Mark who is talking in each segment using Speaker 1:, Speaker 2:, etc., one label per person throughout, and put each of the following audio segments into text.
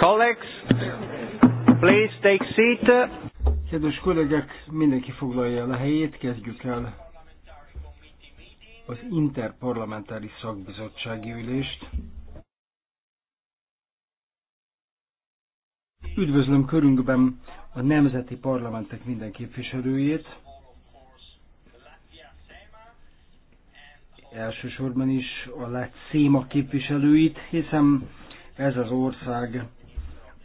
Speaker 1: Colleagues, please take seat. Kedves kollégák, mindenki foglalja el a helyét, kezdjük el az interparlamentári szakbizottsági ülést. Üdvözlöm körünkben a nemzeti parlamentek minden képviselőjét, elsősorban is a lett széma képviselőit, hiszen ez az ország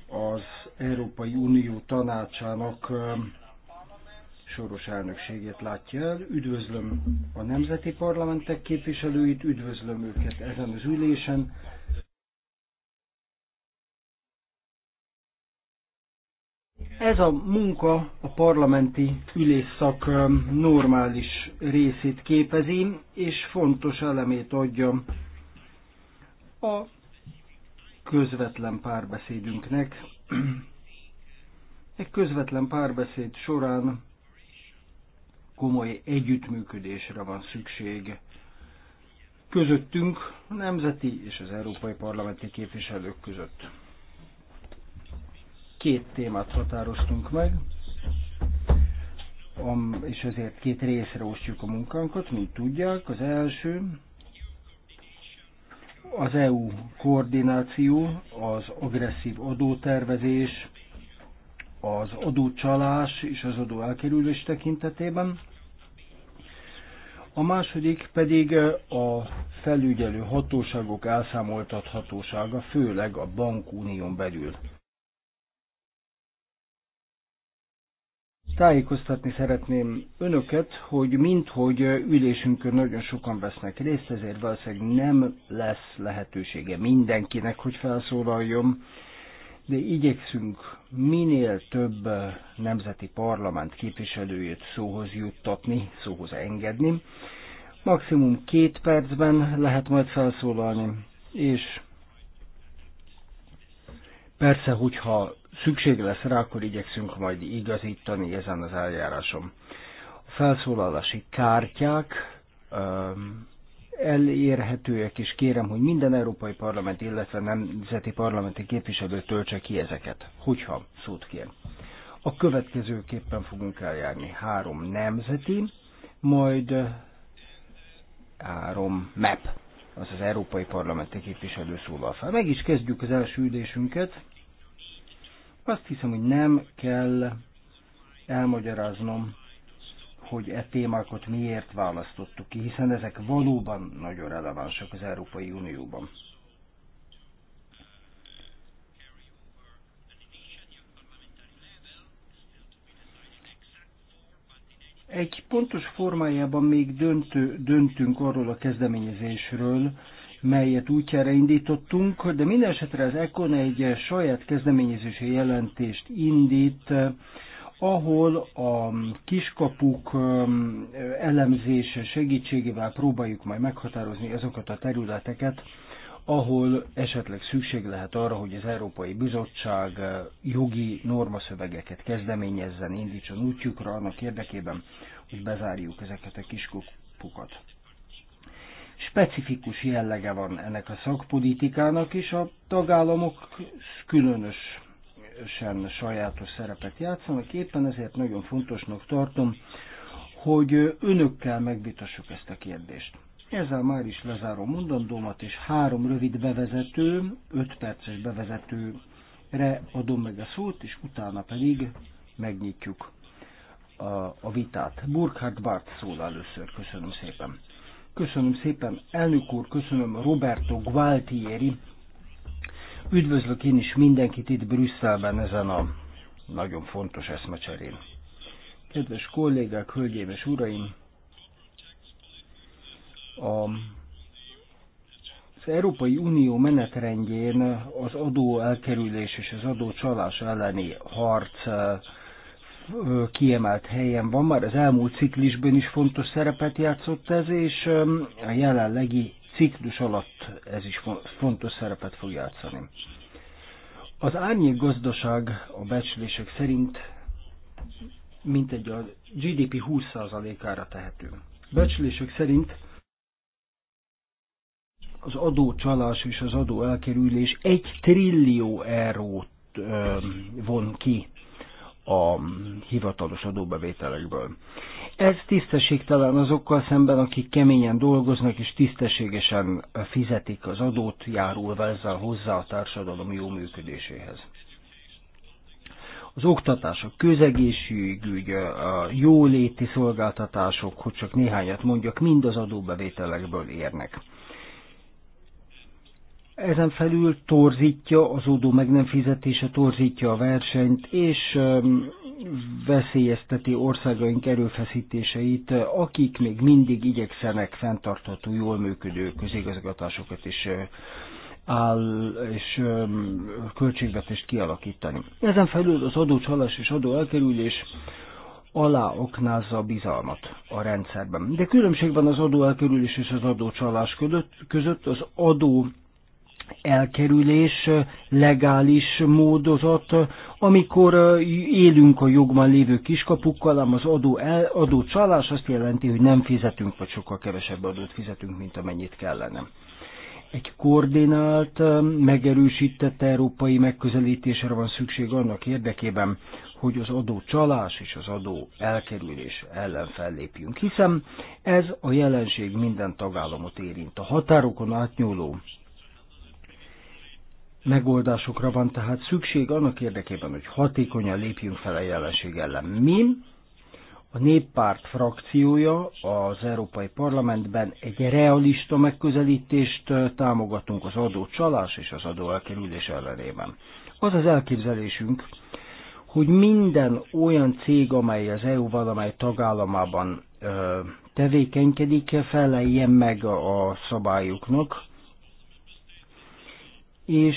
Speaker 1: az Európai Unió tanácsának soros elnökségét látja el. Üdvözlöm a nemzeti parlamentek képviselőit, üdvözlöm őket ezen az ülésen, Ez a munka a parlamenti ülésszak um, normális részét képezi, és fontos elemét adja a közvetlen párbeszédünknek. Egy közvetlen párbeszéd során komoly együttműködésre van szükség közöttünk, a nemzeti és az európai parlamenti képviselők között két témát határoztunk meg, és ezért két részre osztjuk a munkánkat, mint tudják. Az első az EU koordináció, az agresszív adótervezés, az adócsalás és az adó elkerülés tekintetében. A második pedig a felügyelő hatóságok elszámoltathatósága, főleg a bankunión belül. Tájékoztatni szeretném önöket, hogy minthogy ülésünkön nagyon sokan vesznek részt, ezért valószínűleg nem lesz lehetősége mindenkinek, hogy felszólaljon, de igyekszünk minél több nemzeti parlament képviselőjét szóhoz juttatni, szóhoz engedni. Maximum két percben lehet majd felszólalni, és persze, hogyha szükség lesz rá, akkor igyekszünk majd igazítani ezen az eljáráson. A felszólalási kártyák elérhetőek, és kérem, hogy minden európai parlament, illetve nemzeti parlamenti képviselő töltse ki ezeket, hogyha szót kér. A következőképpen fogunk eljárni. Három nemzeti, majd három MEP, az az Európai Parlamenti Képviselő szólal fel. Meg is kezdjük az első üdésünket. Azt hiszem, hogy nem kell elmagyaráznom, hogy e témákat miért választottuk ki, hiszen ezek valóban nagyon relevánsak az Európai Unióban. Egy pontos formájában még döntő, döntünk arról a kezdeményezésről, melyet útjára indítottunk, de minden esetre az ECON egy saját kezdeményezési jelentést indít, ahol a kiskapuk elemzése segítségével próbáljuk majd meghatározni azokat a területeket, ahol esetleg szükség lehet arra, hogy az Európai Bizottság jogi normaszövegeket kezdeményezzen, indítson útjukra annak érdekében, hogy bezárjuk ezeket a kiskapukat specifikus jellege van ennek a szakpolitikának, és a tagállamok különösen sajátos szerepet játszanak, éppen ezért nagyon fontosnak tartom, hogy önökkel megvitassuk ezt a kérdést. Ezzel már is lezárom mondandómat, és három rövid bevezető, öt perces bevezetőre adom meg a szót, és utána pedig megnyitjuk a, a vitát. Burkhard Bart szól először, köszönöm szépen. Köszönöm szépen, elnök úr, köszönöm Roberto Gualtieri. Üdvözlök én is mindenkit itt Brüsszelben ezen a nagyon fontos eszmecserén. Kedves kollégák, hölgyeim és uraim! A az Európai Unió menetrendjén az adó elkerülés és az adócsalás elleni harc kiemelt helyen van, már az elmúlt ciklisben is fontos szerepet játszott ez, és a jelenlegi ciklus alatt ez is fontos szerepet fog játszani. Az árnyék gazdaság a becslések szerint mintegy a GDP 20%-ára tehető. Becslések szerint az adócsalás és az adó elkerülés egy trillió eurót von ki a hivatalos adóbevételekből. Ez tisztességtelen azokkal szemben, akik keményen dolgoznak és tisztességesen fizetik az adót, járulva ezzel hozzá a társadalom jó működéséhez. Az oktatás, a közegészségügy, a jóléti szolgáltatások, hogy csak néhányat mondjak, mind az adóbevételekből érnek. Ezen felül torzítja az adó meg nem fizetése, torzítja a versenyt, és veszélyezteti országaink erőfeszítéseit, akik még mindig igyekszenek fenntartható, jól működő közigazgatásokat is áll és költségvetést kialakítani. Ezen felül az adócsalás és adóelkerülés aláoknázza a bizalmat a rendszerben. De különbség van az adóelkerülés és az adócsalás között. Az adó elkerülés, legális módozat, amikor élünk a jogban lévő kiskapukkal, ám az adó, el, adó csalás azt jelenti, hogy nem fizetünk, vagy sokkal kevesebb adót fizetünk, mint amennyit kellene. Egy koordinált, megerősített európai megközelítésre van szükség annak érdekében, hogy az adó csalás és az adó elkerülés ellen fellépjünk, hiszen ez a jelenség minden tagállamot érint. A határokon átnyúló megoldásokra van tehát szükség annak érdekében, hogy hatékonyan lépjünk fel a jelenség ellen. Mi a néppárt frakciója az Európai Parlamentben egy realista megközelítést támogatunk az adócsalás és az adóelkerülés ellenében. Az az elképzelésünk, hogy minden olyan cég, amely az EU valamely tagállamában ö, tevékenykedik, feleljen meg a szabályoknak, és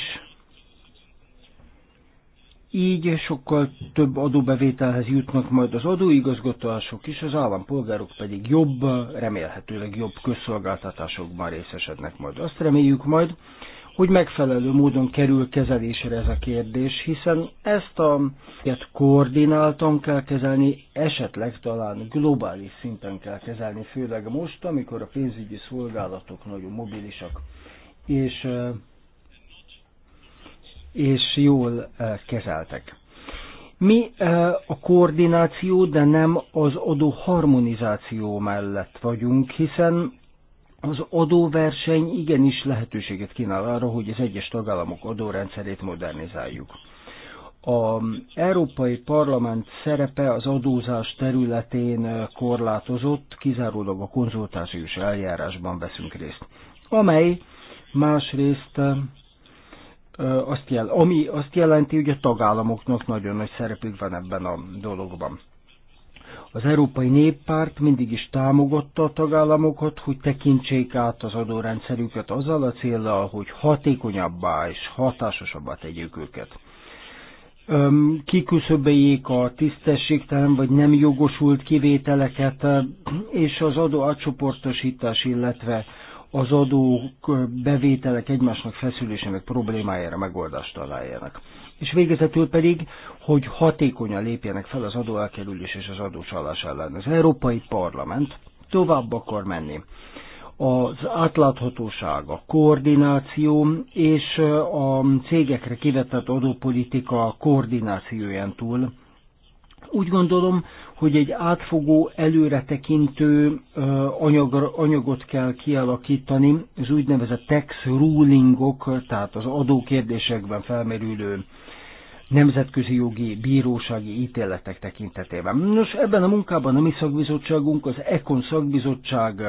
Speaker 1: így sokkal több adóbevételhez jutnak majd az adóigazgatások is, az állampolgárok pedig jobb, remélhetőleg jobb közszolgáltatásokban részesednek majd. Azt reméljük majd, hogy megfelelő módon kerül kezelésre ez a kérdés, hiszen ezt a koordináltan kell kezelni, esetleg talán globális szinten kell kezelni, főleg most, amikor a pénzügyi szolgálatok nagyon mobilisak. És és jól eh, kezeltek. Mi eh, a koordináció, de nem az adó harmonizáció mellett vagyunk, hiszen az adóverseny igenis lehetőséget kínál arra, hogy az egyes tagállamok adórendszerét modernizáljuk. A Európai Parlament szerepe az adózás területén eh, korlátozott, kizárólag a konzultációs eljárásban veszünk részt, amely másrészt azt jel, ami azt jelenti, hogy a tagállamoknak nagyon nagy szerepük van ebben a dologban. Az Európai Néppárt mindig is támogatta a tagállamokat, hogy tekintsék át az adórendszerüket azzal a célral, hogy hatékonyabbá és hatásosabbá tegyék őket. Kiküszöbejék a tisztességtelen vagy nem jogosult kivételeket, és az adó átcsoportosítás, illetve az adók, bevételek egymásnak feszülésének problémájára megoldást találjanak. És végezetül pedig, hogy hatékonyan lépjenek fel az adóelkerülés és az adócsalás ellen. Az Európai Parlament tovább akar menni az átláthatóság, a koordináció és a cégekre kivetett adópolitika koordinációján túl úgy gondolom, hogy egy átfogó, előretekintő anyag, anyagot kell kialakítani, az úgynevezett tax rulingok, tehát az adókérdésekben felmerülő nemzetközi jogi bírósági ítéletek tekintetében. Nos, ebben a munkában a mi szakbizottságunk, az ECON szakbizottság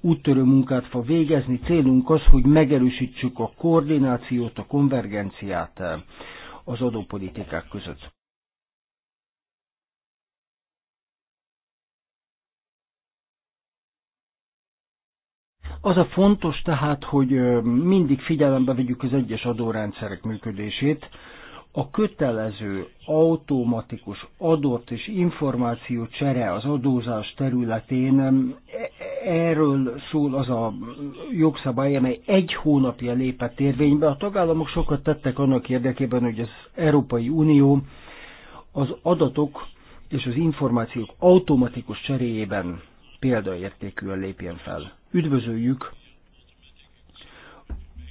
Speaker 1: úttörő munkát fog végezni. Célunk az, hogy megerősítsük a koordinációt, a konvergenciát az adópolitikák között. Az a fontos tehát, hogy mindig figyelembe vegyük az egyes adórendszerek működését, a kötelező automatikus adott és információ csere az adózás területén erről szól az a jogszabály, amely egy hónapja lépett érvénybe. A tagállamok sokat tettek annak érdekében, hogy az Európai Unió az adatok és az információk automatikus cseréjében példaértékűen lépjen fel. Üdvözöljük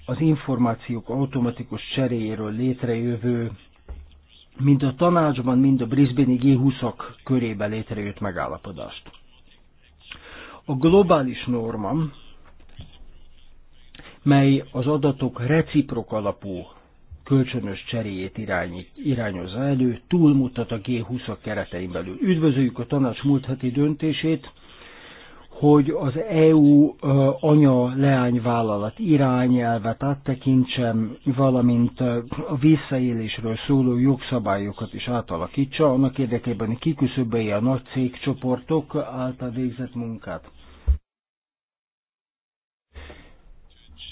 Speaker 1: az információk automatikus cseréjéről létrejövő, mind a tanácsban, mind a Brisbane-i G20-ak körébe létrejött megállapodást. A globális norma, mely az adatok reciprok alapú kölcsönös cseréjét irányít, irányozza elő, túlmutat a G20-ak keretein belül. Üdvözöljük a tanács múlt heti döntését, hogy az EU anya leányvállalat irányelvet áttekintsem, valamint a visszaélésről szóló jogszabályokat is átalakítsa, annak érdekében hogy kiküszöbölje a nagy cégcsoportok által végzett munkát.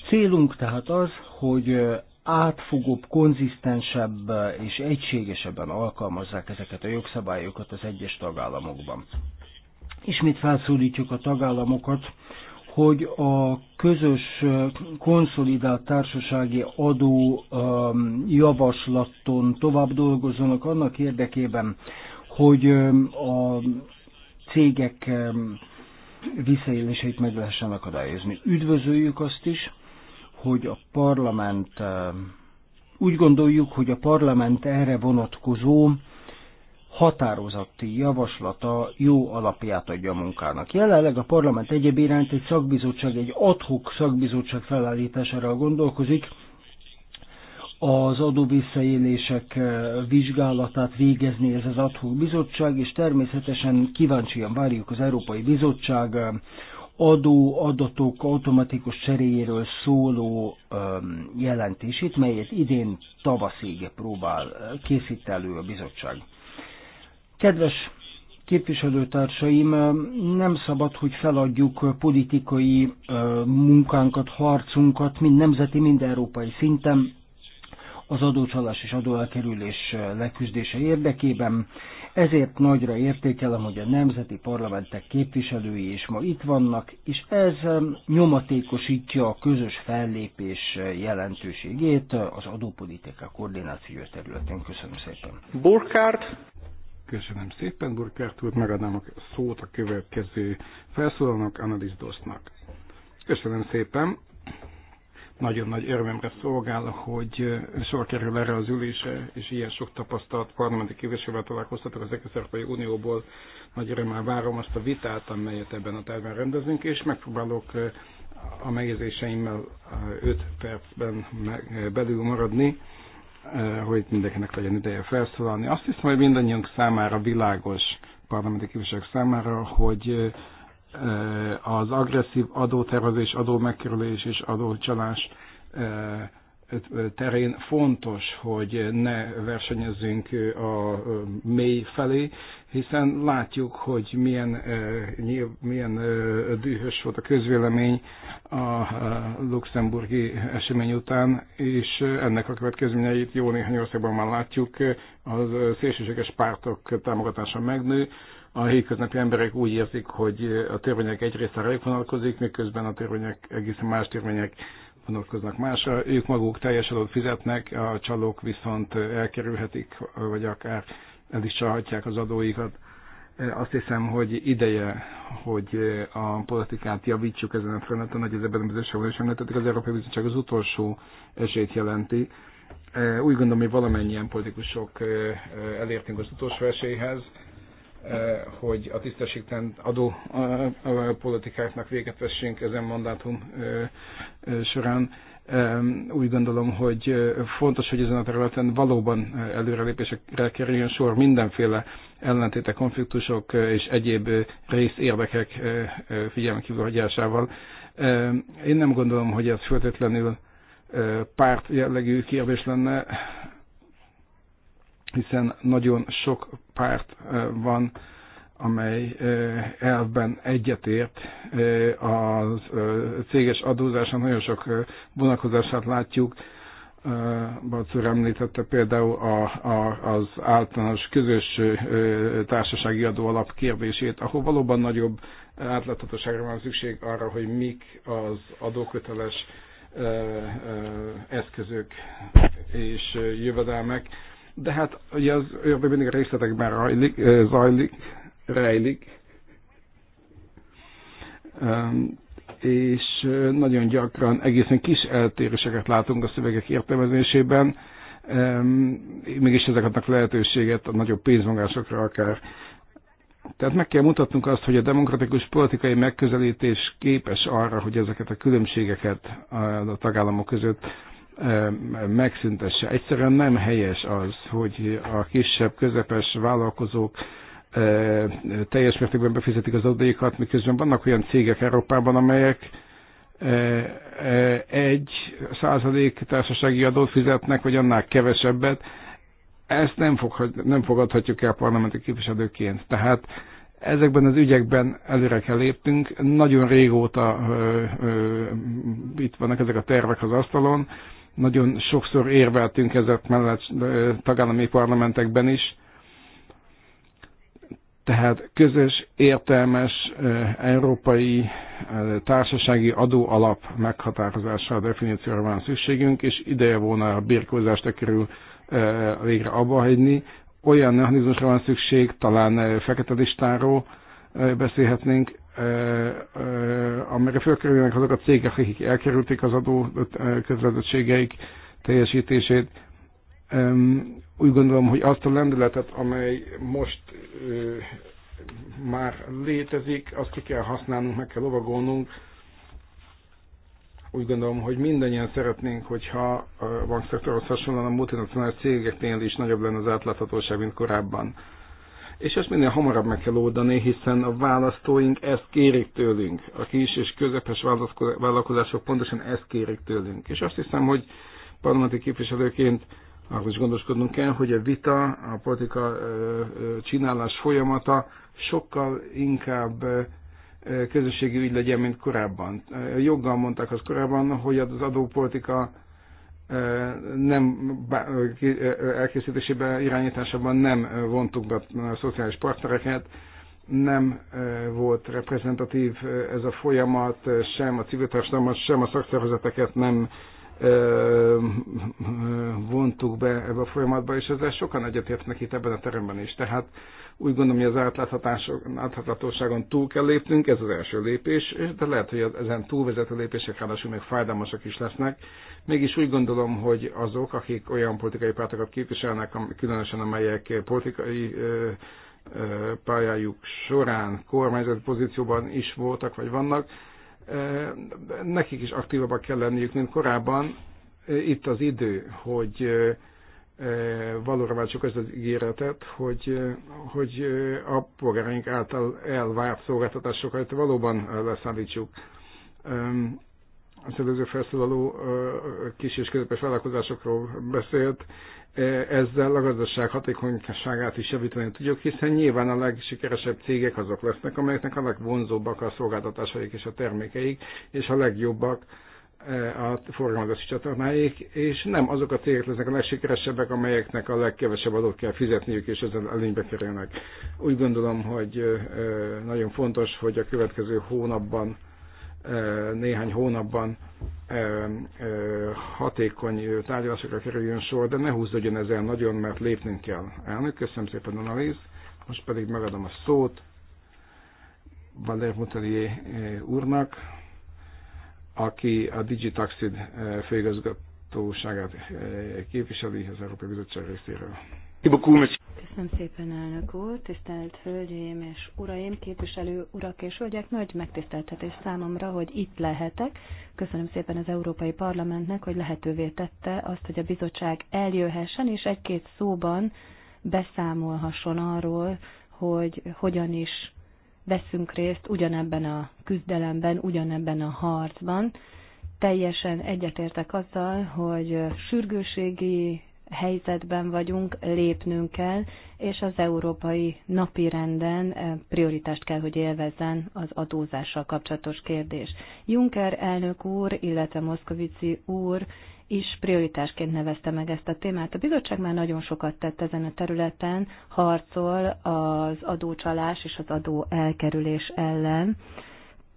Speaker 1: Célunk tehát az, hogy átfogóbb, konzisztensebb és egységesebben alkalmazzák ezeket a jogszabályokat az egyes tagállamokban. Ismét felszólítjuk a tagállamokat, hogy a közös konszolidált társasági adó javaslaton tovább dolgozzanak annak érdekében, hogy a cégek visszaéléseit meg lehessen akadályozni. Üdvözöljük azt is, hogy a parlament, úgy gondoljuk, hogy a parlament erre vonatkozó határozati javaslata jó alapját adja a munkának. Jelenleg a parlament egyéb iránt egy szakbizottság, egy adhok szakbizottság felállítására gondolkozik, az adóvisszaélések eh, vizsgálatát végezni ez az adhok bizottság, és természetesen kíváncsian várjuk az Európai Bizottság eh, adó adatok automatikus cseréjéről szóló eh, jelentését, melyet idén tavaszig próbál készít elő a bizottság. Kedves képviselőtársaim, nem szabad, hogy feladjuk politikai munkánkat, harcunkat, mind nemzeti, mind európai szinten az adócsalás és adóelkerülés leküzdése érdekében. Ezért nagyra értékelem, hogy a nemzeti parlamentek képviselői is ma itt vannak, és ez nyomatékosítja a közös fellépés jelentőségét az adópolitika koordináció területén. Köszönöm szépen.
Speaker 2: Burkhardt. Köszönöm szépen, Burkert úr, megadnám a szót a következő felszólalnak, Annalise Dosznak. Köszönöm szépen. Nagyon nagy örömömre szolgál, hogy sor kerül erre az ülésre, és ilyen sok tapasztalt parlamenti képviselővel találkoztatok az Európai Unióból. Nagy örömmel várom azt a vitát, amelyet ebben a tervben rendezünk, és megpróbálok a megjegyzéseimmel 5 percben belül maradni Eh, hogy mindenkinek legyen ideje felszólalni. Azt hiszem, hogy mindannyiunk számára világos parlamenti képviselők számára, hogy eh, az agresszív adótervezés, adómegkerülés és adócsalás eh, terén fontos, hogy ne versenyezzünk a mély felé, hiszen látjuk, hogy milyen, milyen dühös volt a közvélemény a luxemburgi esemény után, és ennek a következményeit jó néhány országban már látjuk, az szélsőséges pártok támogatása megnő, a hétköznapi emberek úgy érzik, hogy a törvények egy része rájuk vonatkozik, miközben a törvények egészen más törvények vonatkoznak másra. Ők maguk teljes adót fizetnek, a csalók viszont elkerülhetik, vagy akár el is csalhatják az adóikat. Azt hiszem, hogy ideje, hogy a politikát javítsuk ezen a fronton, hogy ez ebben a bizottságban is említettük, az Európai Bizottság az utolsó esélyt jelenti. Úgy gondolom, hogy valamennyien politikusok elértünk az utolsó esélyhez, Eh, hogy a tisztességtelen eh, eh, politikáknak véget vessünk ezen mandátum során. Úgy gondolom, hogy fontos, hogy ezen a területen valóban előrelépésekre kerüljön sor mindenféle ellentéte, konfliktusok és egyéb részérdekek figyelme kívülhagyásával. Én nem gondolom, hogy ez föltétlenül párt jellegű kérdés lenne, hiszen nagyon sok párt van, amely elvben egyetért a céges adózáson nagyon sok vonakozását látjuk. Bacur említette például a, a, az általános közös társasági adó alap kérdését, ahol valóban nagyobb átláthatóságra van szükség arra, hogy mik az adóköteles eszközök és jövedelmek de hát ugye az ördög mindig a részletekben rajlik, zajlik, rejlik, és nagyon gyakran egészen kis eltéréseket látunk a szövegek értelmezésében, mégis ezek adnak lehetőséget a nagyobb pénzmagásokra akár. Tehát meg kell mutatnunk azt, hogy a demokratikus politikai megközelítés képes arra, hogy ezeket a különbségeket a tagállamok között megszüntesse. Egyszerűen nem helyes az, hogy a kisebb, közepes vállalkozók teljes mértékben befizetik az adóikat, miközben vannak olyan cégek Európában, amelyek egy százalék társasági adót fizetnek, vagy annál kevesebbet. Ezt nem, fog, nem fogadhatjuk el parlamenti képviselőként. Tehát ezekben az ügyekben előre kell léptünk. Nagyon régóta ö, ö, itt vannak ezek a tervek az asztalon. Nagyon sokszor érveltünk ezek mellett tagállami parlamentekben is. Tehát közös, értelmes európai társasági adóalap meghatározására, definícióra van szükségünk, és ideje volna a birkózást körül végre abba hagyni. Olyan mechanizmusra van szükség, talán fekete listáról beszélhetnénk, a fölkerülnek azok a cégek, akik elkerülték az adó közvetettségeik teljesítését. Úgy gondolom, hogy azt a lendületet, amely most már létezik, azt ki kell használnunk, meg kell lovagolnunk. Úgy gondolom, hogy mindannyian szeretnénk, hogyha a bankszektorhoz hasonlóan a multinacionális cégeknél is nagyobb lenne az átláthatóság, mint korábban és ezt minél hamarabb meg kell oldani, hiszen a választóink ezt kérik tőlünk. A kis és közepes vállalkozások pontosan ezt kérik tőlünk. És azt hiszem, hogy parlamenti képviselőként arra is gondoskodnunk kell, hogy a vita, a politika csinálás folyamata sokkal inkább közösségi ügy legyen, mint korábban. Joggal mondták az korábban, hogy az adópolitika nem elkészítésében, irányításában nem vontuk be a szociális partnereket, nem volt reprezentatív ez a folyamat, sem a civil társadalmat, sem a szakszervezeteket nem vontuk be ebbe a folyamatba, és ezzel sokan egyetértnek itt ebben a teremben is. Tehát úgy gondolom, hogy az átláthatóságon túl kell lépnünk, ez az első lépés, de lehet, hogy ezen túlvezető lépések ráadásul még fájdalmasak is lesznek. Mégis úgy gondolom, hogy azok, akik olyan politikai pártokat képviselnek, különösen amelyek politikai pályájuk során kormányzati pozícióban is voltak, vagy vannak, nekik is aktívabbak kell lenniük, mint korábban. Itt az idő, hogy valóra váltsuk ezt az ígéretet, hogy, hogy a polgáraink által elvárt szolgáltatásokat valóban leszállítsuk a előző felszólaló kis és közepes vállalkozásokról beszélt, e, ezzel a gazdaság hatékonyságát is javítani tudjuk, hiszen nyilván a legsikeresebb cégek azok lesznek, amelyeknek a legvonzóbbak a szolgáltatásaik és a termékeik, és a legjobbak e, a forgalmazási csatornáik, és nem azok a cégek lesznek a legsikeresebbek, amelyeknek a legkevesebb adót kell fizetniük, és ezen előnybe kerülnek. Úgy gondolom, hogy nagyon fontos, hogy a következő hónapban néhány hónapban hatékony tárgyalásokra kerüljön sor, de ne húzódjon ezzel nagyon, mert lépnünk kell. Elnök, köszönöm szépen, Annalise. Most pedig megadom a szót Valer Mutelier úrnak, aki a Digitaxid főigazgatóságát képviseli az Európai Bizottság részéről. Köszönöm
Speaker 3: szépen, elnök úr, tisztelt hölgyeim és uraim, képviselő urak és hölgyek, nagy megtiszteltetés számomra, hogy itt lehetek. Köszönöm szépen az Európai Parlamentnek, hogy lehetővé tette azt, hogy a bizottság eljöhessen, és egy-két szóban beszámolhasson arról, hogy hogyan is veszünk részt ugyanebben a küzdelemben, ugyanebben a harcban. Teljesen egyetértek azzal, hogy sürgőségi helyzetben vagyunk, lépnünk kell, és az európai napirenden eh, prioritást kell, hogy élvezzen az adózással kapcsolatos kérdés. Juncker elnök úr, illetve Moszkovici úr is prioritásként nevezte meg ezt a témát. A bizottság már nagyon sokat tett ezen a területen, harcol az adócsalás és az adó elkerülés ellen.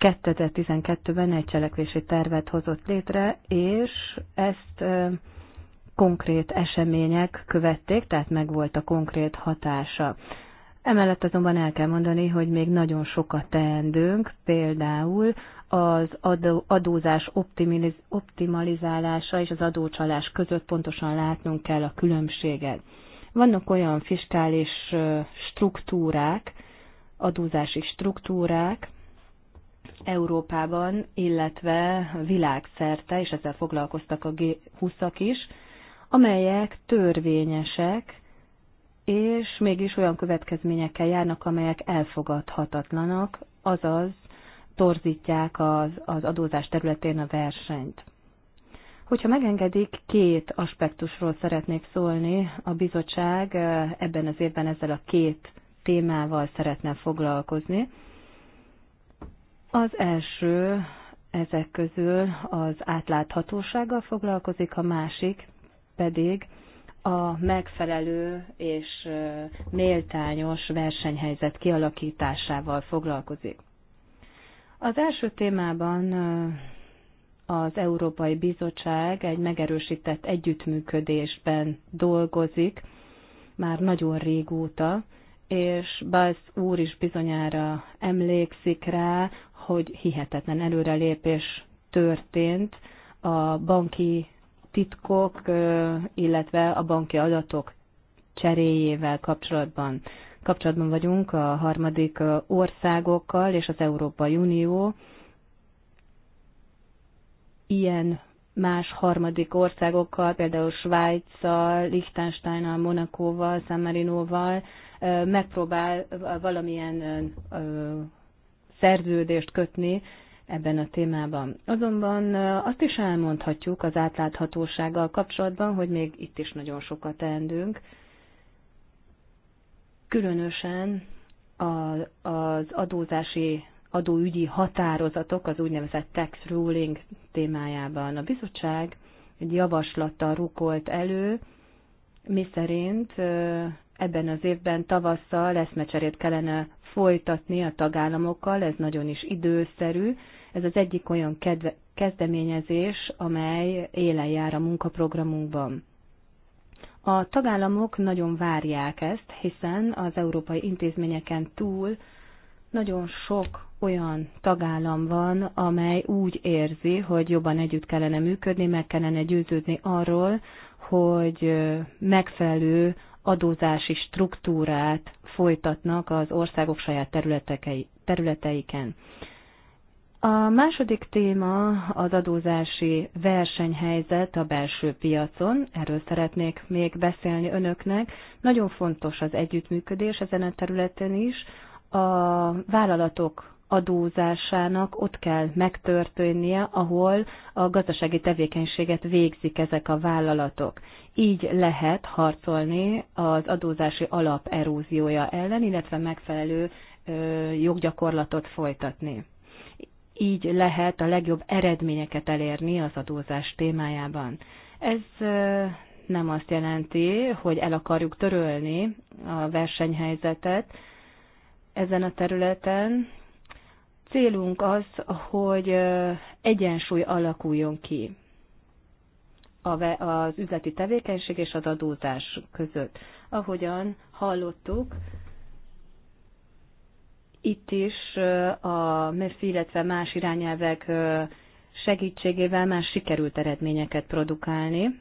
Speaker 3: 2012-ben egy cselekvési tervet hozott létre, és ezt eh, konkrét események követték, tehát megvolt a konkrét hatása. Emellett azonban el kell mondani, hogy még nagyon sokat teendőnk, például az adó, adózás optimiz, optimalizálása és az adócsalás között pontosan látnunk kell a különbséget. Vannak olyan fiskális struktúrák, adózási struktúrák Európában, illetve világszerte, és ezzel foglalkoztak a G20-ak is, amelyek törvényesek, és mégis olyan következményekkel járnak, amelyek elfogadhatatlanak, azaz torzítják az, az adózás területén a versenyt. Hogyha megengedik, két aspektusról szeretnék szólni. A bizottság eh, ebben az évben ezzel a két témával szeretne foglalkozni. Az első ezek közül az átláthatósággal foglalkozik, a másik pedig a megfelelő és méltányos versenyhelyzet kialakításával foglalkozik. Az első témában az Európai Bizottság egy megerősített együttműködésben dolgozik már nagyon régóta, és Balsz úr is bizonyára emlékszik rá, hogy hihetetlen előrelépés történt a banki titkok, illetve a banki adatok cseréjével kapcsolatban. Kapcsolatban vagyunk a harmadik országokkal és az Európai Unió ilyen más harmadik országokkal, például Svájccal, Liechtensteinnal, Monakóval, San Marinoval megpróbál valamilyen szerződést kötni, ebben a témában. Azonban azt is elmondhatjuk az átláthatósággal kapcsolatban, hogy még itt is nagyon sokat teendünk, különösen az adózási adóügyi határozatok, az úgynevezett tax ruling témájában. A bizottság egy javaslattal rukolt elő, mi szerint ebben az évben tavasszal eszmecserét kellene folytatni a tagállamokkal, ez nagyon is időszerű. Ez az egyik olyan kedve, kezdeményezés, amely élen jár a munkaprogramunkban. A tagállamok nagyon várják ezt, hiszen az európai intézményeken túl nagyon sok olyan tagállam van, amely úgy érzi, hogy jobban együtt kellene működni, meg kellene győződni arról, hogy megfelelő adózási struktúrát folytatnak az országok saját területeiken. A második téma az adózási versenyhelyzet a belső piacon. Erről szeretnék még beszélni önöknek. Nagyon fontos az együttműködés ezen a területen is. A vállalatok adózásának ott kell megtörténnie, ahol a gazdasági tevékenységet végzik ezek a vállalatok. Így lehet harcolni az adózási alap eróziója ellen, illetve megfelelő joggyakorlatot folytatni. Így lehet a legjobb eredményeket elérni az adózás témájában. Ez nem azt jelenti, hogy el akarjuk törölni a versenyhelyzetet ezen a területen, Célunk az, hogy egyensúly alakuljon ki az üzleti tevékenység és az adózás között. Ahogyan hallottuk, itt is a MEF, illetve más irányelvek segítségével már sikerült eredményeket produkálni.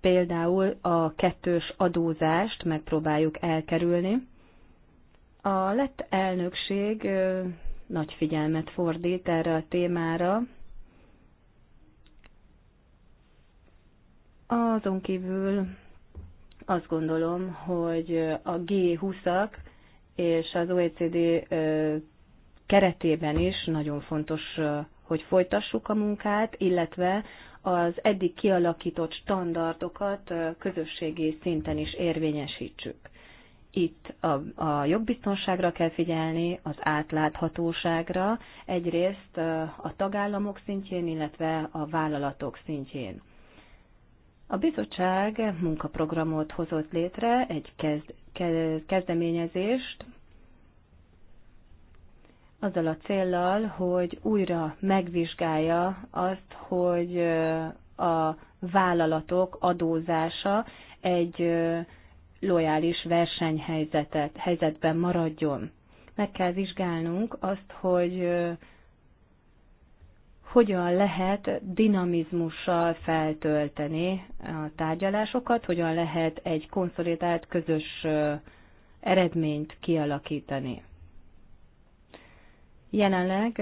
Speaker 3: Például a kettős adózást megpróbáljuk elkerülni, a lett elnökség nagy figyelmet fordít erre a témára. Azon kívül azt gondolom, hogy a G20-ak és az OECD keretében is nagyon fontos, hogy folytassuk a munkát, illetve az eddig kialakított standardokat közösségi szinten is érvényesítsük itt a, a jogbiztonságra kell figyelni, az átláthatóságra, egyrészt a tagállamok szintjén, illetve a vállalatok szintjén. A bizottság munkaprogramot hozott létre, egy kezd, kezdeményezést, azzal a céllal, hogy újra megvizsgálja azt, hogy a vállalatok adózása egy lojális versenyhelyzetet, helyzetben maradjon. Meg kell vizsgálnunk azt, hogy hogyan lehet dinamizmussal feltölteni a tárgyalásokat, hogyan lehet egy konszolidált közös eredményt kialakítani. Jelenleg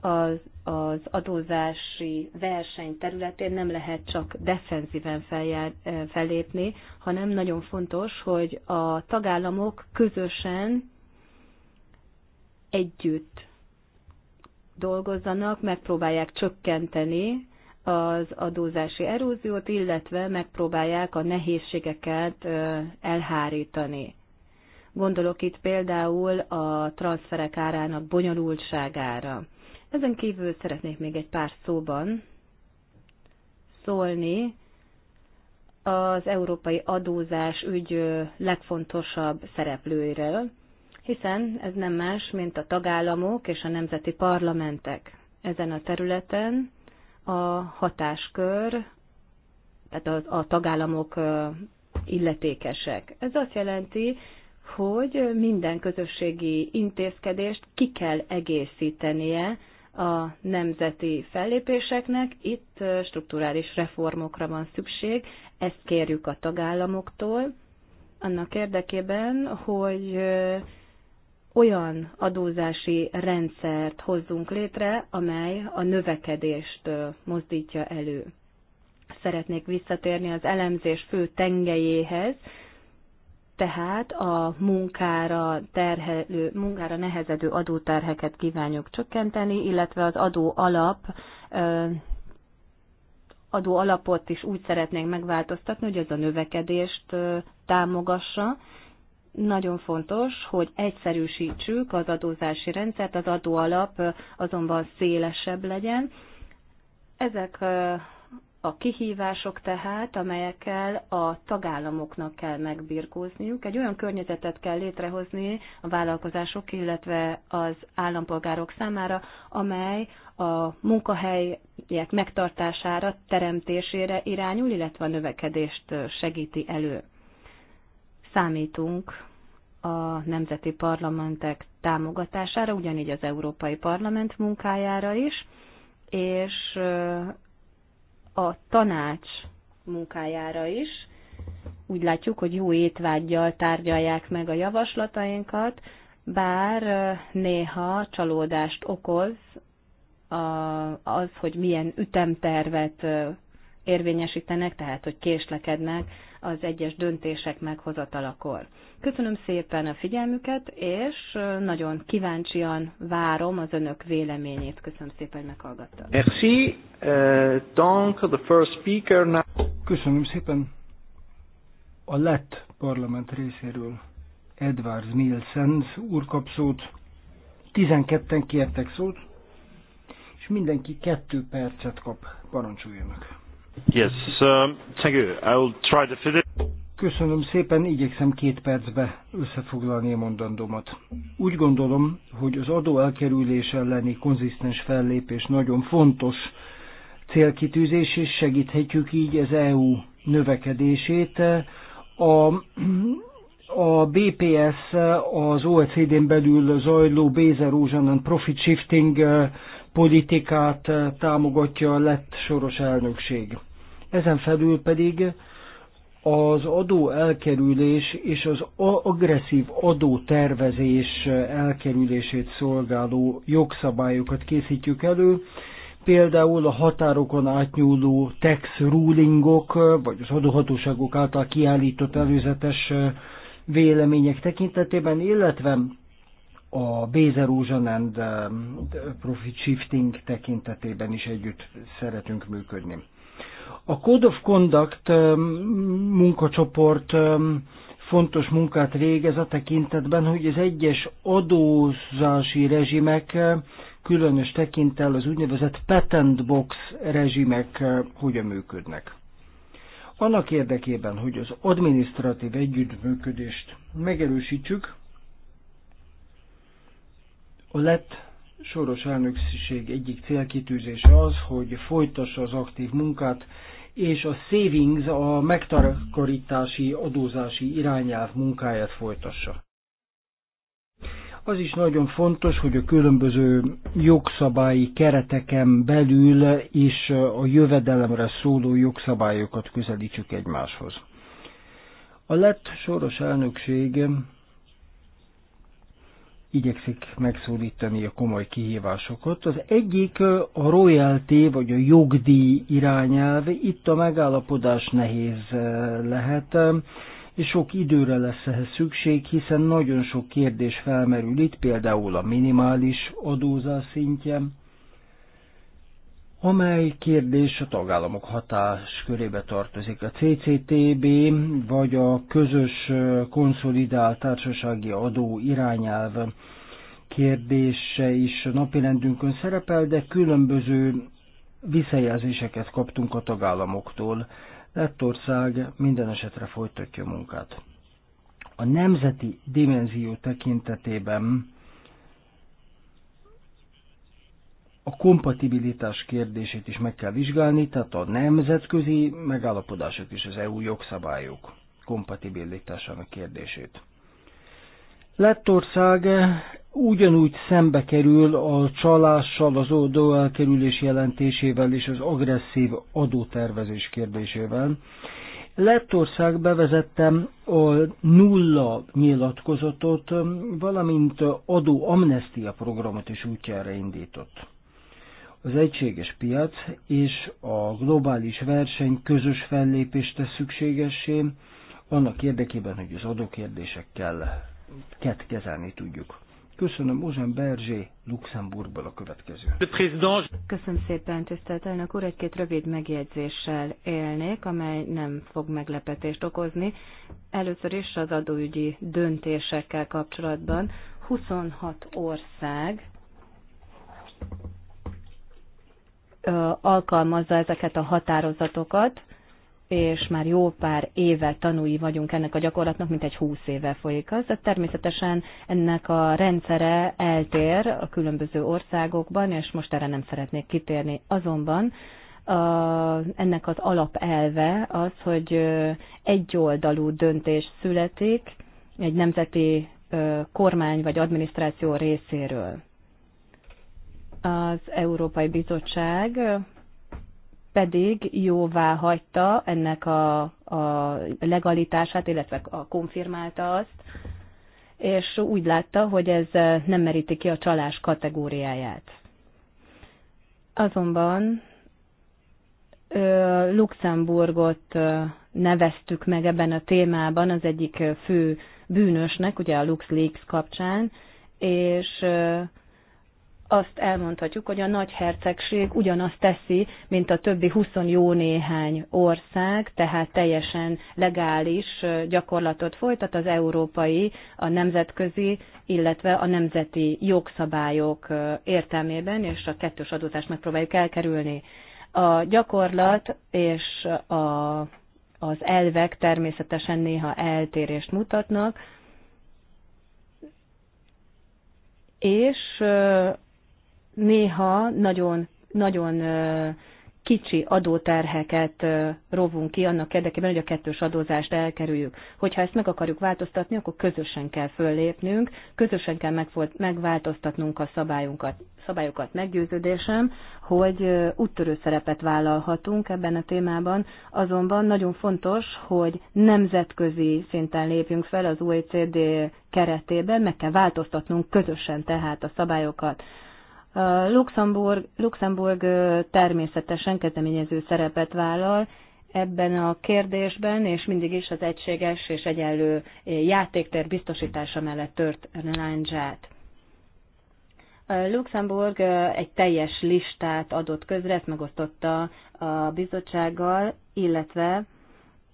Speaker 3: az, az adózási verseny területén nem lehet csak defenzíven feljár, fellépni, hanem nagyon fontos, hogy a tagállamok közösen együtt dolgozzanak, megpróbálják csökkenteni az adózási eróziót, illetve megpróbálják a nehézségeket elhárítani. Gondolok itt például a transferek árának bonyolultságára. Ezen kívül szeretnék még egy pár szóban szólni az európai adózás ügy legfontosabb szereplőiről, hiszen ez nem más, mint a tagállamok és a nemzeti parlamentek. Ezen a területen a hatáskör, tehát a, a tagállamok illetékesek. Ez azt jelenti, hogy minden közösségi intézkedést ki kell egészítenie a nemzeti fellépéseknek. Itt strukturális reformokra van szükség, ezt kérjük a tagállamoktól, annak érdekében, hogy olyan adózási rendszert hozzunk létre, amely a növekedést mozdítja elő. Szeretnék visszatérni az elemzés fő tengelyéhez, tehát a munkára, terhelő, munkára nehezedő adóterheket kívánjuk csökkenteni, illetve az adó alap adó alapot is úgy szeretnénk megváltoztatni, hogy az a növekedést támogassa. Nagyon fontos, hogy egyszerűsítsük az adózási rendszert, az adóalap azonban szélesebb legyen. Ezek a kihívások tehát, amelyekkel a tagállamoknak kell megbirkózniuk, egy olyan környezetet kell létrehozni a vállalkozások, illetve az állampolgárok számára, amely a munkahelyek megtartására, teremtésére irányul, illetve a növekedést segíti elő. Számítunk a nemzeti parlamentek támogatására, ugyanígy az Európai Parlament munkájára is, és a tanács munkájára is. Úgy látjuk, hogy jó étvágyjal tárgyalják meg a javaslatainkat, bár néha csalódást okoz az, hogy milyen ütemtervet érvényesítenek, tehát hogy késlekednek az egyes döntések meghozatalakor. Köszönöm szépen a figyelmüket, és nagyon kíváncsian várom az önök véleményét. Köszönöm szépen, hogy meghallgattak.
Speaker 1: Merci. Uh, donc, the first speaker now. Köszönöm szépen. A lett parlament részéről Edward Nielsen úr kap szót. 12-en kértek szót, és mindenki kettő percet kap. Parancsoljanak! Yes, um, thank you. I will try to fit it. Köszönöm szépen, igyekszem két percbe összefoglalni a mondandómat. Úgy gondolom, hogy az adó elkerülés elleni konzisztens fellépés nagyon fontos célkitűzés, és segíthetjük így az EU növekedését. A, a BPS az OECD-n belül zajló Bézer Rózsanán Profit Shifting politikát eh, támogatja a lett soros elnökség. Ezen felül pedig az adó elkerülés és az agresszív adótervezés eh, elkerülését szolgáló jogszabályokat készítjük elő, például a határokon átnyúló tax rulingok, eh, vagy az adóhatóságok által kiállított előzetes vélemények tekintetében, illetve a Bézer Ocean and um, Profit Shifting tekintetében is együtt szeretünk működni. A Code of Conduct um, munkacsoport um, fontos munkát végez a tekintetben, hogy az egyes adózási rezsimek, uh, különös tekintel az úgynevezett patent box rezsimek uh, hogyan működnek. Annak érdekében, hogy az administratív együttműködést megerősítsük, a lett soros elnökség egyik célkitűzése az, hogy folytassa az aktív munkát, és a savings, a megtakarítási adózási irányelv munkáját folytassa. Az is nagyon fontos, hogy a különböző jogszabályi kereteken belül is a jövedelemre szóló jogszabályokat közelítsük egymáshoz. A lett soros elnökség igyekszik megszólítani a komoly kihívásokat. Az egyik a royalty vagy a jogdíj irányelv, itt a megállapodás nehéz lehet, és sok időre lesz ehhez szükség, hiszen nagyon sok kérdés felmerül itt, például a minimális adózás szintje, amely kérdés a tagállamok hatáskörébe tartozik. A CCTB vagy a közös konszolidált társasági adó irányelv kérdése is napirendünkön szerepel, de különböző visszajelzéseket kaptunk a tagállamoktól. Lettország minden esetre folytatja munkát. A nemzeti dimenzió tekintetében a kompatibilitás kérdését is meg kell vizsgálni, tehát a nemzetközi megállapodások és az EU jogszabályok kompatibilitásának kérdését. Lettország ugyanúgy szembe kerül a csalással, az oldó elkerülés jelentésével és az agresszív adótervezés kérdésével. Lettország bevezette a nulla nyilatkozatot, valamint adó amnestia programot is útjára indított. Az egységes piac és a globális verseny közös fellépést tesz szükségessé, annak érdekében, hogy az adókérdésekkel kezelni tudjuk. Köszönöm Ozen Berzsé, Luxemburgból a következő.
Speaker 3: Köszönöm szépen, tisztelt elnök úr. Egy-két rövid megjegyzéssel élnék, amely nem fog meglepetést okozni. Először is az adóügyi döntésekkel kapcsolatban. 26 ország alkalmazza ezeket a határozatokat, és már jó pár éve tanúi vagyunk ennek a gyakorlatnak, mint egy húsz éve folyik az. De természetesen ennek a rendszere eltér a különböző országokban, és most erre nem szeretnék kitérni. Azonban a, ennek az alapelve az, hogy egyoldalú döntés születik egy nemzeti kormány vagy adminisztráció részéről. Az Európai Bizottság pedig jóvá hagyta ennek a, a legalitását, illetve a konfirmálta azt, és úgy látta, hogy ez nem meríti ki a csalás kategóriáját. Azonban Luxemburgot neveztük meg ebben a témában az egyik fő bűnösnek, ugye a LuxLeaks kapcsán, és azt elmondhatjuk, hogy a nagyhercegség ugyanazt teszi, mint a többi 20 jó néhány ország, tehát teljesen legális gyakorlatot folytat az európai, a nemzetközi, illetve a nemzeti jogszabályok értelmében, és a kettős adózást megpróbáljuk elkerülni. A gyakorlat és a, az elvek természetesen néha eltérést mutatnak, és néha nagyon, nagyon kicsi adóterheket rovunk ki annak érdekében, hogy a kettős adózást elkerüljük. Hogyha ezt meg akarjuk változtatni, akkor közösen kell föllépnünk, közösen kell megváltoztatnunk a szabályunkat, szabályokat meggyőződésem, hogy úttörő szerepet vállalhatunk ebben a témában, azonban nagyon fontos, hogy nemzetközi szinten lépjünk fel az OECD keretében, meg kell változtatnunk közösen tehát a szabályokat Luxemburg, Luxemburg természetesen kezdeményező szerepet vállal ebben a kérdésben, és mindig is az egységes és egyenlő játéktér biztosítása mellett tört láncsát. Luxemburg egy teljes listát adott közre, ezt megosztotta a bizottsággal, illetve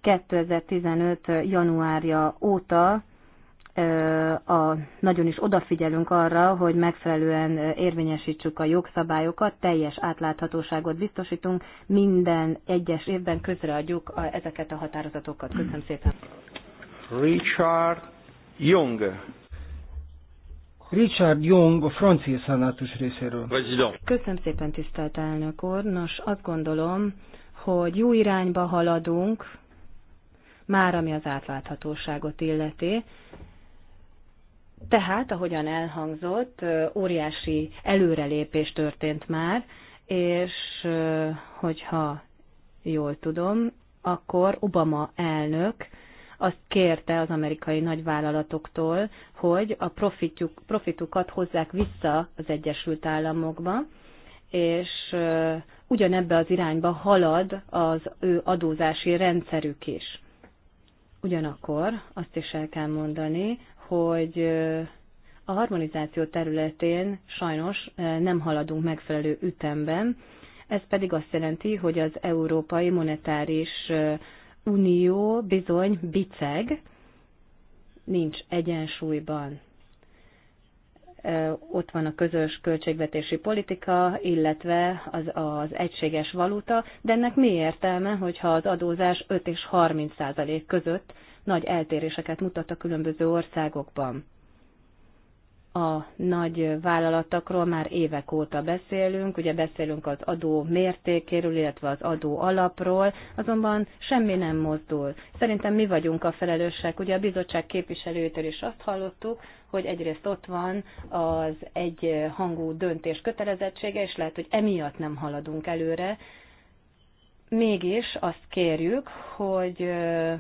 Speaker 3: 2015. januárja óta a, nagyon is odafigyelünk arra, hogy megfelelően érvényesítsük a jogszabályokat, teljes átláthatóságot biztosítunk, minden egyes évben közreadjuk a, ezeket a határozatokat. Köszönöm szépen.
Speaker 1: Richard Jung. Richard Young, a francia szenátus részéről.
Speaker 3: Köszönöm szépen, tisztelt elnök úr. Nos, azt gondolom, hogy jó irányba haladunk, már ami az átláthatóságot illeti, tehát, ahogyan elhangzott, óriási előrelépés történt már, és hogyha jól tudom, akkor Obama elnök azt kérte az amerikai nagyvállalatoktól, hogy a profitjuk, profitukat hozzák vissza az Egyesült Államokba, és ugyanebbe az irányba halad az ő adózási rendszerük is. Ugyanakkor azt is el kell mondani, hogy a harmonizáció területén sajnos nem haladunk megfelelő ütemben, ez pedig azt jelenti, hogy az Európai Monetáris Unió bizony biceg, nincs egyensúlyban. Ott van a közös költségvetési politika, illetve az, az egységes valuta, de ennek mi értelme, hogyha az adózás 5 és 30 százalék között nagy eltéréseket mutat a különböző országokban. A nagy vállalatokról már évek óta beszélünk, ugye beszélünk az adó mértékéről, illetve az adó alapról, azonban semmi nem mozdul. Szerintem mi vagyunk a felelősek, ugye a bizottság képviselőtől is azt hallottuk, hogy egyrészt ott van az egyhangú döntés kötelezettsége, és lehet, hogy emiatt nem haladunk előre, mégis azt kérjük, hogy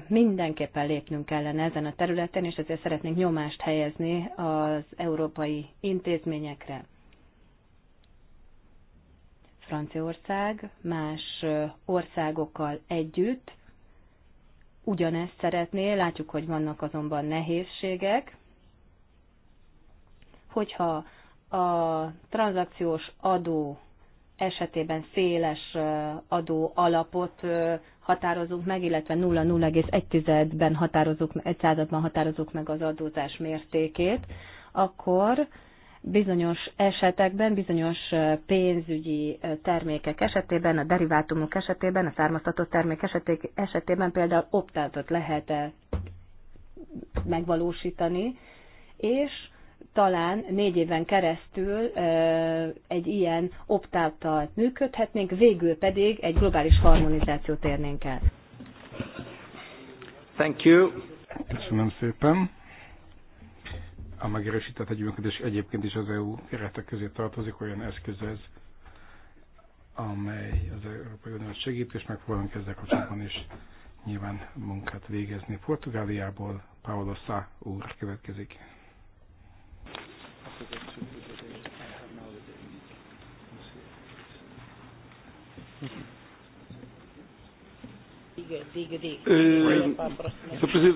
Speaker 3: mindenképpen lépnünk kellene ezen a területen, és ezért szeretnénk nyomást helyezni az európai intézményekre. Franciaország más országokkal együtt ugyanezt szeretné, látjuk, hogy vannak azonban nehézségek, hogyha a tranzakciós adó esetében széles adó alapot határozunk meg, illetve 0,1-ben határozunk, egy században határozunk meg az adózás mértékét, akkor bizonyos esetekben, bizonyos pénzügyi termékek esetében, a derivátumok esetében, a származtatott termék esetében például optátot lehet -e megvalósítani, és talán négy éven keresztül egy ilyen optáltal működhetnénk, végül pedig egy globális harmonizációt érnénk el.
Speaker 2: Thank you. Köszönöm szépen. A megerősített együttműködés egyébként is az EU keretek közé tartozik, olyan ez, amely az Európai Unió segít, és fogunk ezzel kapcsolatban is nyilván munkát végezni. Portugáliából Paulo Sá úr következik. Diga, diga,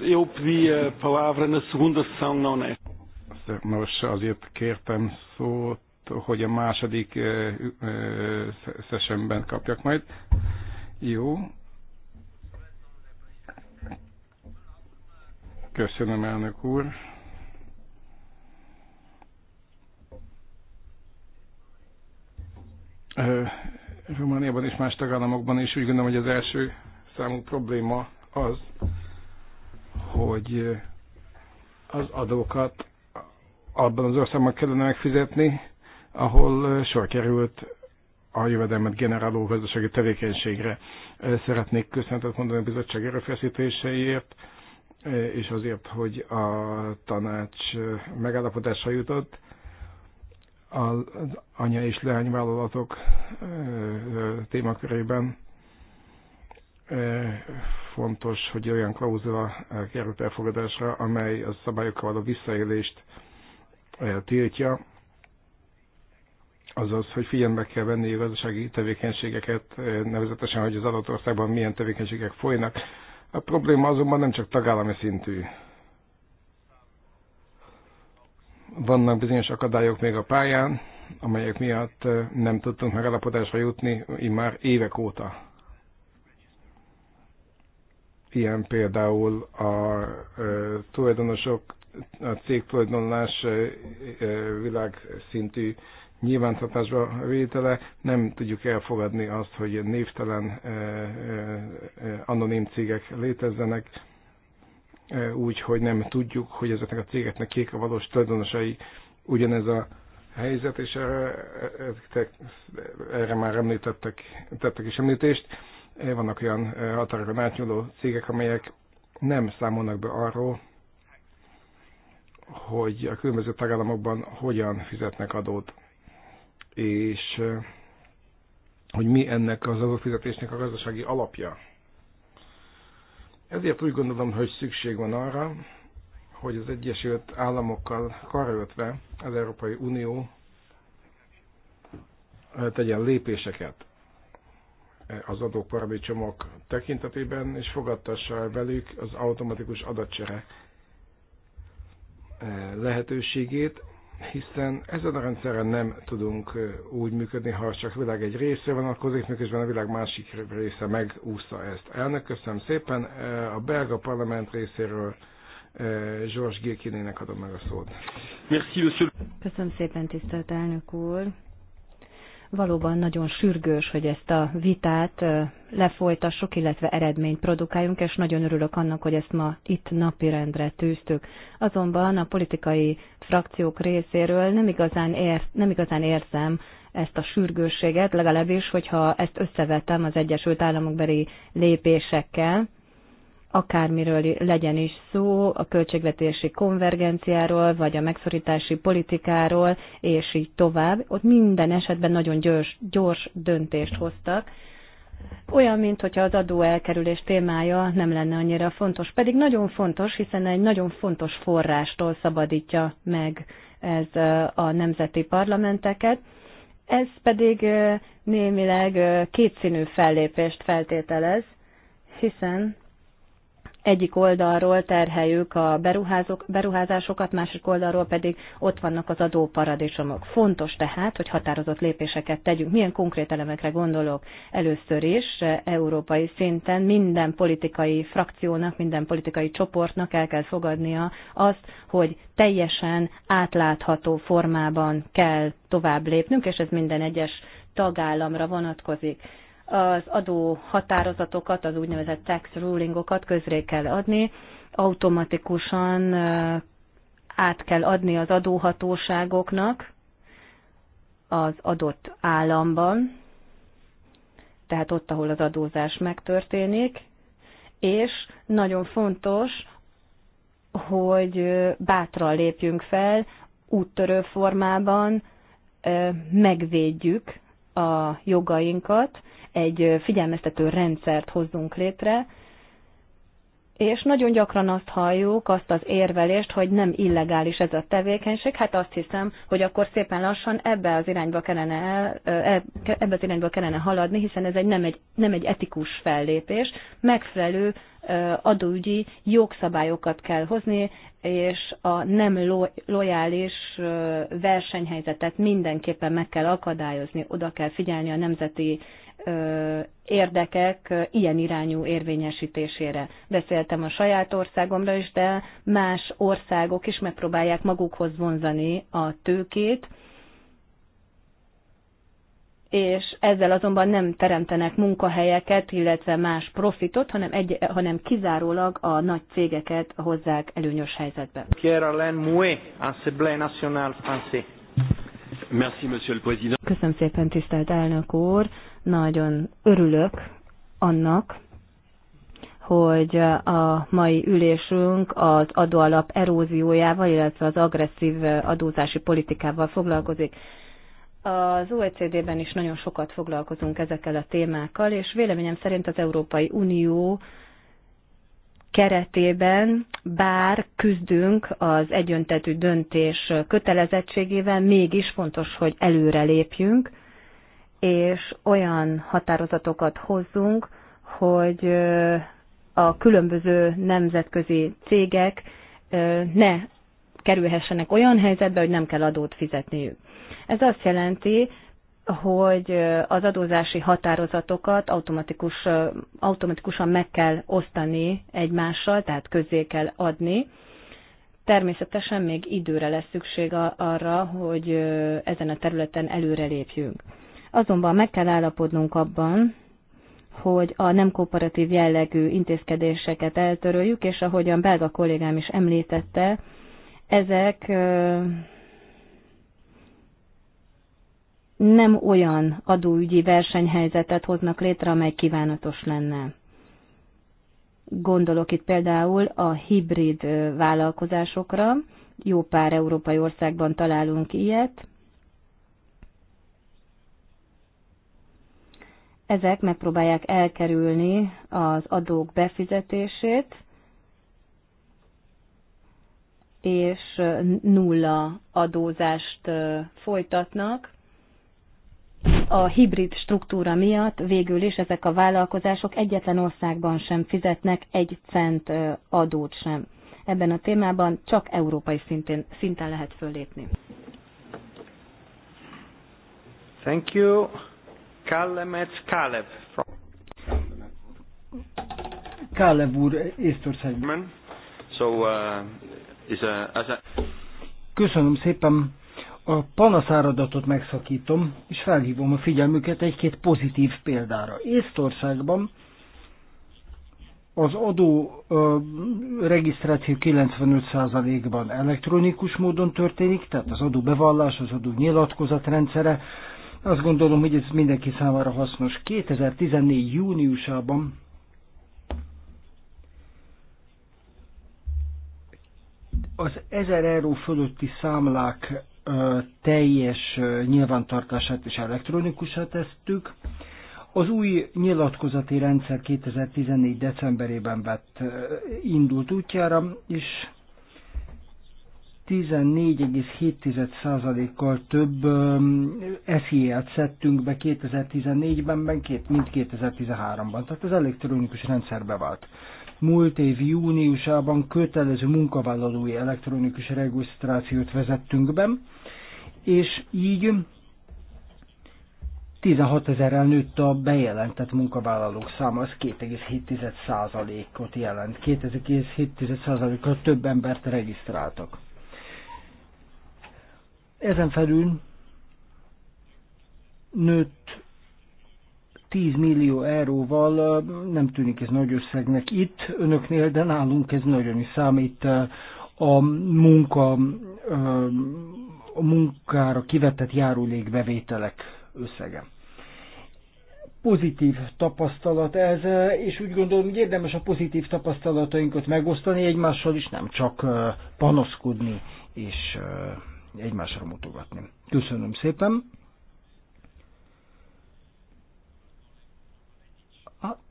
Speaker 2: eu pedi a palavra na segunda sessão, não nesta. Nos azért kértem szót, hogy a második uh, uh, sessionben kapjak majd. Jó. Köszönöm, elnök úr. Romániában és más tagállamokban is úgy gondolom, hogy az első számú probléma az, hogy az adókat abban az országban kellene megfizetni, ahol sor került a jövedelmet generáló gazdasági tevékenységre. Szeretnék köszönetet mondani a bizottság erőfeszítéseiért, és azért, hogy a tanács megállapodásra jutott az anya és leányvállalatok témakörében fontos, hogy olyan klauzula került elfogadásra, amely a szabályokkal való visszaélést tiltja, azaz, hogy figyelembe kell venni a gazdasági tevékenységeket, nevezetesen, hogy az adott országban milyen tevékenységek folynak. A probléma azonban nem csak tagállami szintű, Vannak bizonyos akadályok még a pályán, amelyek miatt nem tudtunk megalapodásra jutni immár évek óta. Ilyen például a e, tulajdonosok, a cég tulajdonlás világszintű nyilvántartásba vétele, nem tudjuk elfogadni azt, hogy névtelen, anonim cégek létezzenek, úgy, hogy nem tudjuk, hogy ezeknek a cégeknek kék a valós tulajdonosai ugyanez a helyzet, és erre, e, e, e, erre már említettek, tettek is említést. Vannak olyan határokon átnyúló cégek, amelyek nem számolnak be arról, hogy a különböző tagállamokban hogyan fizetnek adót, és hogy mi ennek az adófizetésnek a gazdasági alapja. Ezért úgy gondolom, hogy szükség van arra, hogy az Egyesült Államokkal karöltve az Európai Unió eh, tegyen lépéseket eh, az adóparadicsomok tekintetében, és fogadtassa velük az automatikus adatcsere eh, lehetőségét, hiszen ezen a rendszeren nem tudunk úgy működni, ha csak a világ egy része vonatkozik, működésben a világ másik része megúszta ezt. Elnök, köszönöm szépen. A belga parlament részéről Zsors Gilkinének adom meg a szót.
Speaker 1: Köszönöm
Speaker 3: szépen, tisztelt elnök úr. Valóban nagyon sürgős, hogy ezt a vitát lefolytassuk, illetve eredményt produkáljunk, és nagyon örülök annak, hogy ezt ma itt napirendre tűztük. Azonban a politikai frakciók részéről nem igazán, ér, nem igazán érzem ezt a sürgősséget, legalábbis, hogyha ezt összevetem az Egyesült Államokbeli lépésekkel, akármiről legyen is szó, a költségvetési konvergenciáról, vagy a megszorítási politikáról, és így tovább, ott minden esetben nagyon gyors, gyors döntést hoztak. Olyan, mintha az adó elkerülés témája nem lenne annyira fontos, pedig nagyon fontos, hiszen egy nagyon fontos forrástól szabadítja meg ez a nemzeti parlamenteket. Ez pedig némileg kétszínű fellépést feltételez, hiszen egyik oldalról terheljük a beruházók, beruházásokat, másik oldalról pedig ott vannak az adóparadicsomok. Fontos tehát, hogy határozott lépéseket tegyünk. Milyen konkrét elemekre gondolok először is eh, európai szinten minden politikai frakciónak, minden politikai csoportnak el kell fogadnia azt, hogy teljesen átlátható formában kell tovább lépnünk, és ez minden egyes tagállamra vonatkozik az adó határozatokat, az úgynevezett tax rulingokat közré kell adni, automatikusan át kell adni az adóhatóságoknak az adott államban, tehát ott, ahol az adózás megtörténik, és nagyon fontos, hogy bátran lépjünk fel, úttörő formában megvédjük a jogainkat, egy figyelmeztető rendszert hozzunk létre, és nagyon gyakran azt halljuk, azt az érvelést, hogy nem illegális ez a tevékenység. Hát azt hiszem, hogy akkor szépen lassan ebbe az irányba kellene, el, e, ebbe az irányba kellene haladni, hiszen ez egy nem, egy nem egy etikus fellépés. Megfelelő adóügyi jogszabályokat kell hozni, és a nem lojális versenyhelyzetet mindenképpen meg kell akadályozni. Oda kell figyelni a nemzeti érdekek ilyen irányú érvényesítésére. Beszéltem a saját országomra is, de más országok is megpróbálják magukhoz vonzani a tőkét, és ezzel azonban nem teremtenek munkahelyeket, illetve más profitot, hanem, egy, hanem kizárólag a nagy cégeket hozzák előnyös helyzetbe.
Speaker 1: Pierre Alain Mouet, Assemblée Nationale Française. Merci, Monsieur le Président.
Speaker 3: Köszönöm szépen, tisztelt elnök úr. Nagyon örülök annak, hogy a mai ülésünk az adóalap eróziójával, illetve az agresszív adózási politikával foglalkozik. Az OECD-ben is nagyon sokat foglalkozunk ezekkel a témákkal, és véleményem szerint az Európai Unió keretében, bár küzdünk az egyöntetű döntés kötelezettségével, mégis fontos, hogy előre lépjünk, és olyan határozatokat hozzunk, hogy a különböző nemzetközi cégek ne kerülhessenek olyan helyzetbe, hogy nem kell adót fizetniük. Ez azt jelenti, hogy az adózási határozatokat automatikus, automatikusan meg kell osztani egymással, tehát közzé kell adni. Természetesen még időre lesz szükség arra, hogy ezen a területen előrelépjünk. Azonban meg kell állapodnunk abban, hogy a nem kooperatív jellegű intézkedéseket eltöröljük, és ahogyan belga kollégám is említette, ezek nem olyan adóügyi versenyhelyzetet hoznak létre, amely kívánatos lenne. Gondolok itt például a hibrid vállalkozásokra, jó pár európai országban találunk ilyet. Ezek megpróbálják elkerülni az adók befizetését, és nulla adózást folytatnak, a hibrid struktúra miatt végül is ezek a vállalkozások egyetlen országban sem fizetnek egy cent adót sem. Ebben a témában csak európai szintén, szinten lehet föllépni.
Speaker 1: Thank you. Kallemec Kalev. Kalev úr, Észtországban.
Speaker 3: So, uh, is a, as a...
Speaker 1: Köszönöm szépen. A panaszáradatot megszakítom, és felhívom a figyelmüket egy-két pozitív példára. Észtországban az adó ö, regisztráció 95%-ban elektronikus módon történik, tehát az adó bevallás, az adó nyilatkozat rendszere. Azt gondolom, hogy ez mindenki számára hasznos. 2014. júniusában az 1000 euró fölötti számlák teljes nyilvántartását is elektronikusra tesztük. Az új nyilatkozati rendszer 2014. decemberében vett, indult útjára, és 14,7%-kal több SZIE-et szedtünk be 2014-ben, mint 2013-ban. Tehát az elektronikus rendszer bevált múlt év júniusában kötelező munkavállalói elektronikus regisztrációt vezettünk be, és így 16 ezerrel nőtt a bejelentett munkavállalók száma, az 2,7%-ot jelent. 2,7%-kal több embert regisztráltak. Ezen felül nőtt 10 millió euróval nem tűnik ez nagy összegnek itt önöknél, de nálunk ez nagyon is számít a munka, a munkára kivetett járulékbevételek összege. Pozitív tapasztalat ez, és úgy gondolom, hogy érdemes a pozitív tapasztalatainkat megosztani egymással is, nem csak panaszkodni és egymásra mutogatni. Köszönöm szépen!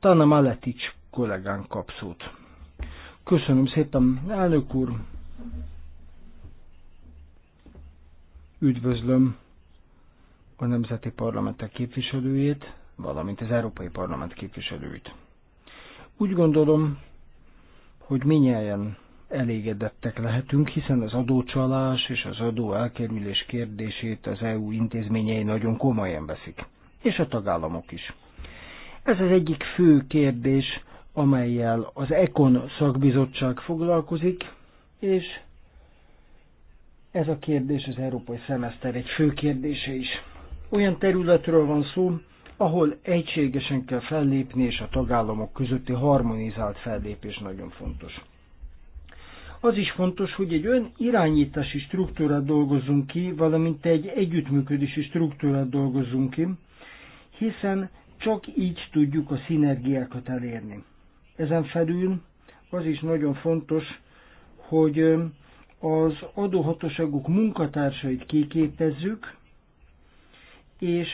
Speaker 1: Tana Maletics kollégán kap szót. Köszönöm szépen, elnök úr! Üdvözlöm a Nemzeti Parlamentek képviselőjét, valamint az Európai Parlament képviselőit. Úgy gondolom, hogy minnyáján elégedettek lehetünk, hiszen az adócsalás és az adó elkerülés kérdését az EU intézményei nagyon komolyan veszik, és a tagállamok is. Ez az egyik fő kérdés, amelyel az Ekon szakbizottság foglalkozik, és ez a kérdés az európai szemeszter egy fő kérdése is. Olyan területről van szó, ahol egységesen kell fellépni, és a tagállamok közötti harmonizált fellépés nagyon fontos. Az is fontos, hogy egy olyan irányítási struktúrát dolgozzunk ki, valamint egy együttműködési struktúrát dolgozzunk ki, hiszen csak így tudjuk a szinergiákat elérni. Ezen felül az is nagyon fontos, hogy az adóhatóságok munkatársait kiképezzük, és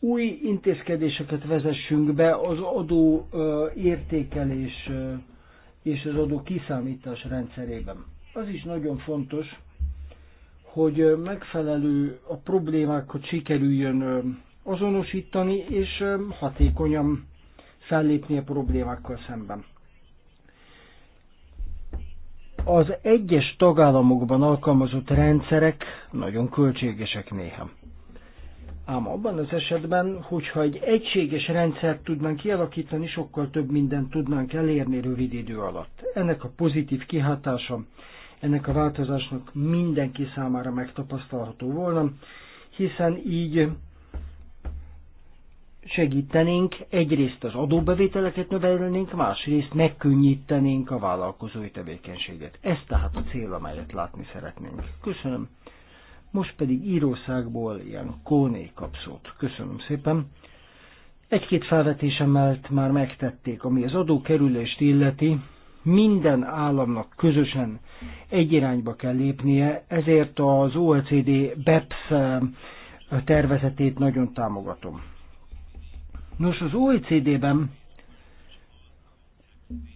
Speaker 1: új intézkedéseket vezessünk be az adó értékelés és az adó kiszámítás rendszerében. Az is nagyon fontos, hogy megfelelő a problémákat sikerüljön azonosítani és hatékonyan fellépni a problémákkal szemben. Az egyes tagállamokban alkalmazott rendszerek nagyon költségesek néha. Ám abban az esetben, hogyha egy egységes rendszert tudnánk kialakítani, sokkal több mindent tudnánk elérni rövid idő alatt. Ennek a pozitív kihatása, ennek a változásnak mindenki számára megtapasztalható volna, hiszen így segítenénk, egyrészt az adóbevételeket növelnénk, másrészt megkönnyítenénk a vállalkozói tevékenységet. Ez tehát a cél, amelyet látni szeretnénk. Köszönöm. Most pedig Írószágból ilyen Kóné kapszót. Köszönöm szépen. Egy-két felvetésemmel már megtették, ami az adókerülést illeti, minden államnak közösen egy irányba kell lépnie, ezért az OECD BEPS eh, tervezetét nagyon támogatom. Nos, az OECD-ben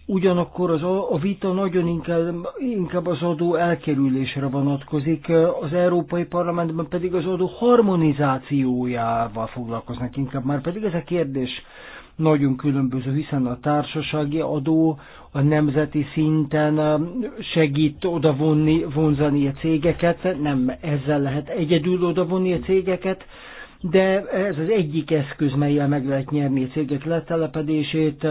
Speaker 1: ugyanakkor az, a vita nagyon inkább, inkább az adó elkerülésre vonatkozik, az Európai Parlamentben pedig az adó harmonizációjával foglalkoznak inkább, már pedig ez a kérdés nagyon különböző, hiszen a társasági adó a nemzeti szinten um, segít odavonni, vonzani a cégeket, nem ezzel lehet egyedül odavonni a cégeket, de ez az egyik eszköz, melyel meg lehet nyerni a cégek letelepedését,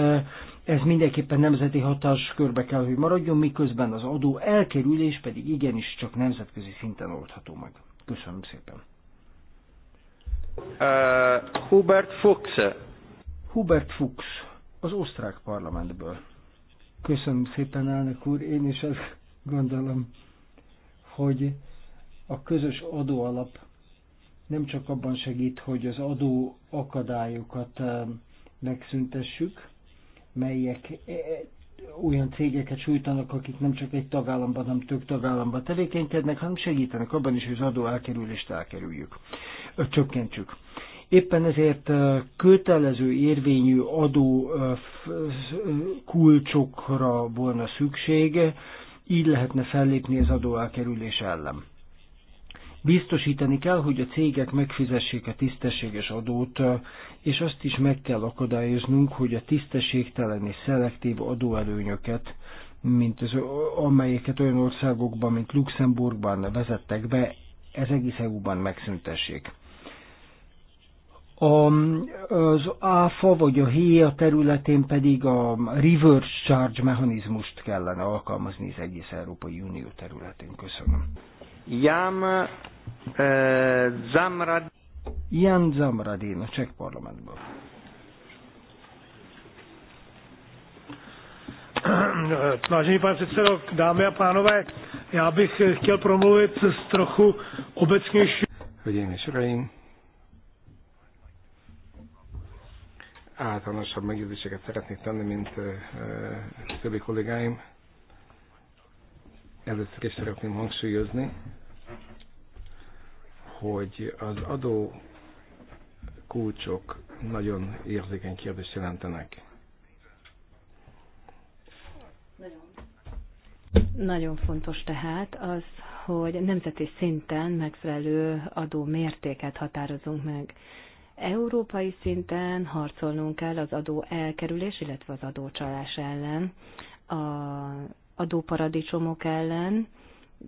Speaker 1: ez mindenképpen nemzeti hatáskörbe kell, hogy maradjon, miközben az adó elkerülés pedig igenis csak nemzetközi szinten oldható meg. Köszönöm
Speaker 2: szépen. Uh, Hubert Fuchs.
Speaker 1: Hubert Fuchs, az osztrák parlamentből. Köszönöm szépen, elnök úr. Én is azt gondolom, hogy a közös adóalap nem csak abban segít, hogy az adó akadályokat megszüntessük, melyek e, e, olyan cégeket sújtanak, akik nem csak egy tagállamban, hanem több tagállamban tevékenykednek, hanem segítenek abban is, hogy az adó elkerülést elkerüljük, csökkentsük. Éppen ezért kötelező érvényű adó kulcsokra volna szüksége, így lehetne fellépni az adó elkerülés ellen. Biztosítani kell, hogy a cégek megfizessék a tisztességes adót, és azt is meg kell akadályoznunk, hogy a tisztességtelen és szelektív adóelőnyöket, mint az, amelyeket olyan országokban, mint Luxemburgban vezettek be, ez egész EU-ban megszüntessék. A, az ÁFA vagy a HIA e területén pedig a reverse charge mechanizmust kellene alkalmazni az egész Európai Unió területén. Köszönöm.
Speaker 2: Jám eh,
Speaker 1: Zamrad... Jan Zamradin a cseh parlamentből.
Speaker 2: Vážený pane předsedo, dámy a pánové, já bych chtěl promluvit z trochu obecnější. Hölgyeim és uraim, általánosabb megjegyzéseket szeretnék tenni, mint e, e, többi kollégáim. Először is szeretném hangsúlyozni, hogy az adó kulcsok nagyon érzékeny kérdést jelentenek.
Speaker 3: Nagyon. fontos tehát az, hogy nemzeti szinten megfelelő adó mértéket határozunk meg. Európai szinten harcolnunk kell az adó elkerülés, illetve az adócsalás ellen. A adóparadicsomok ellen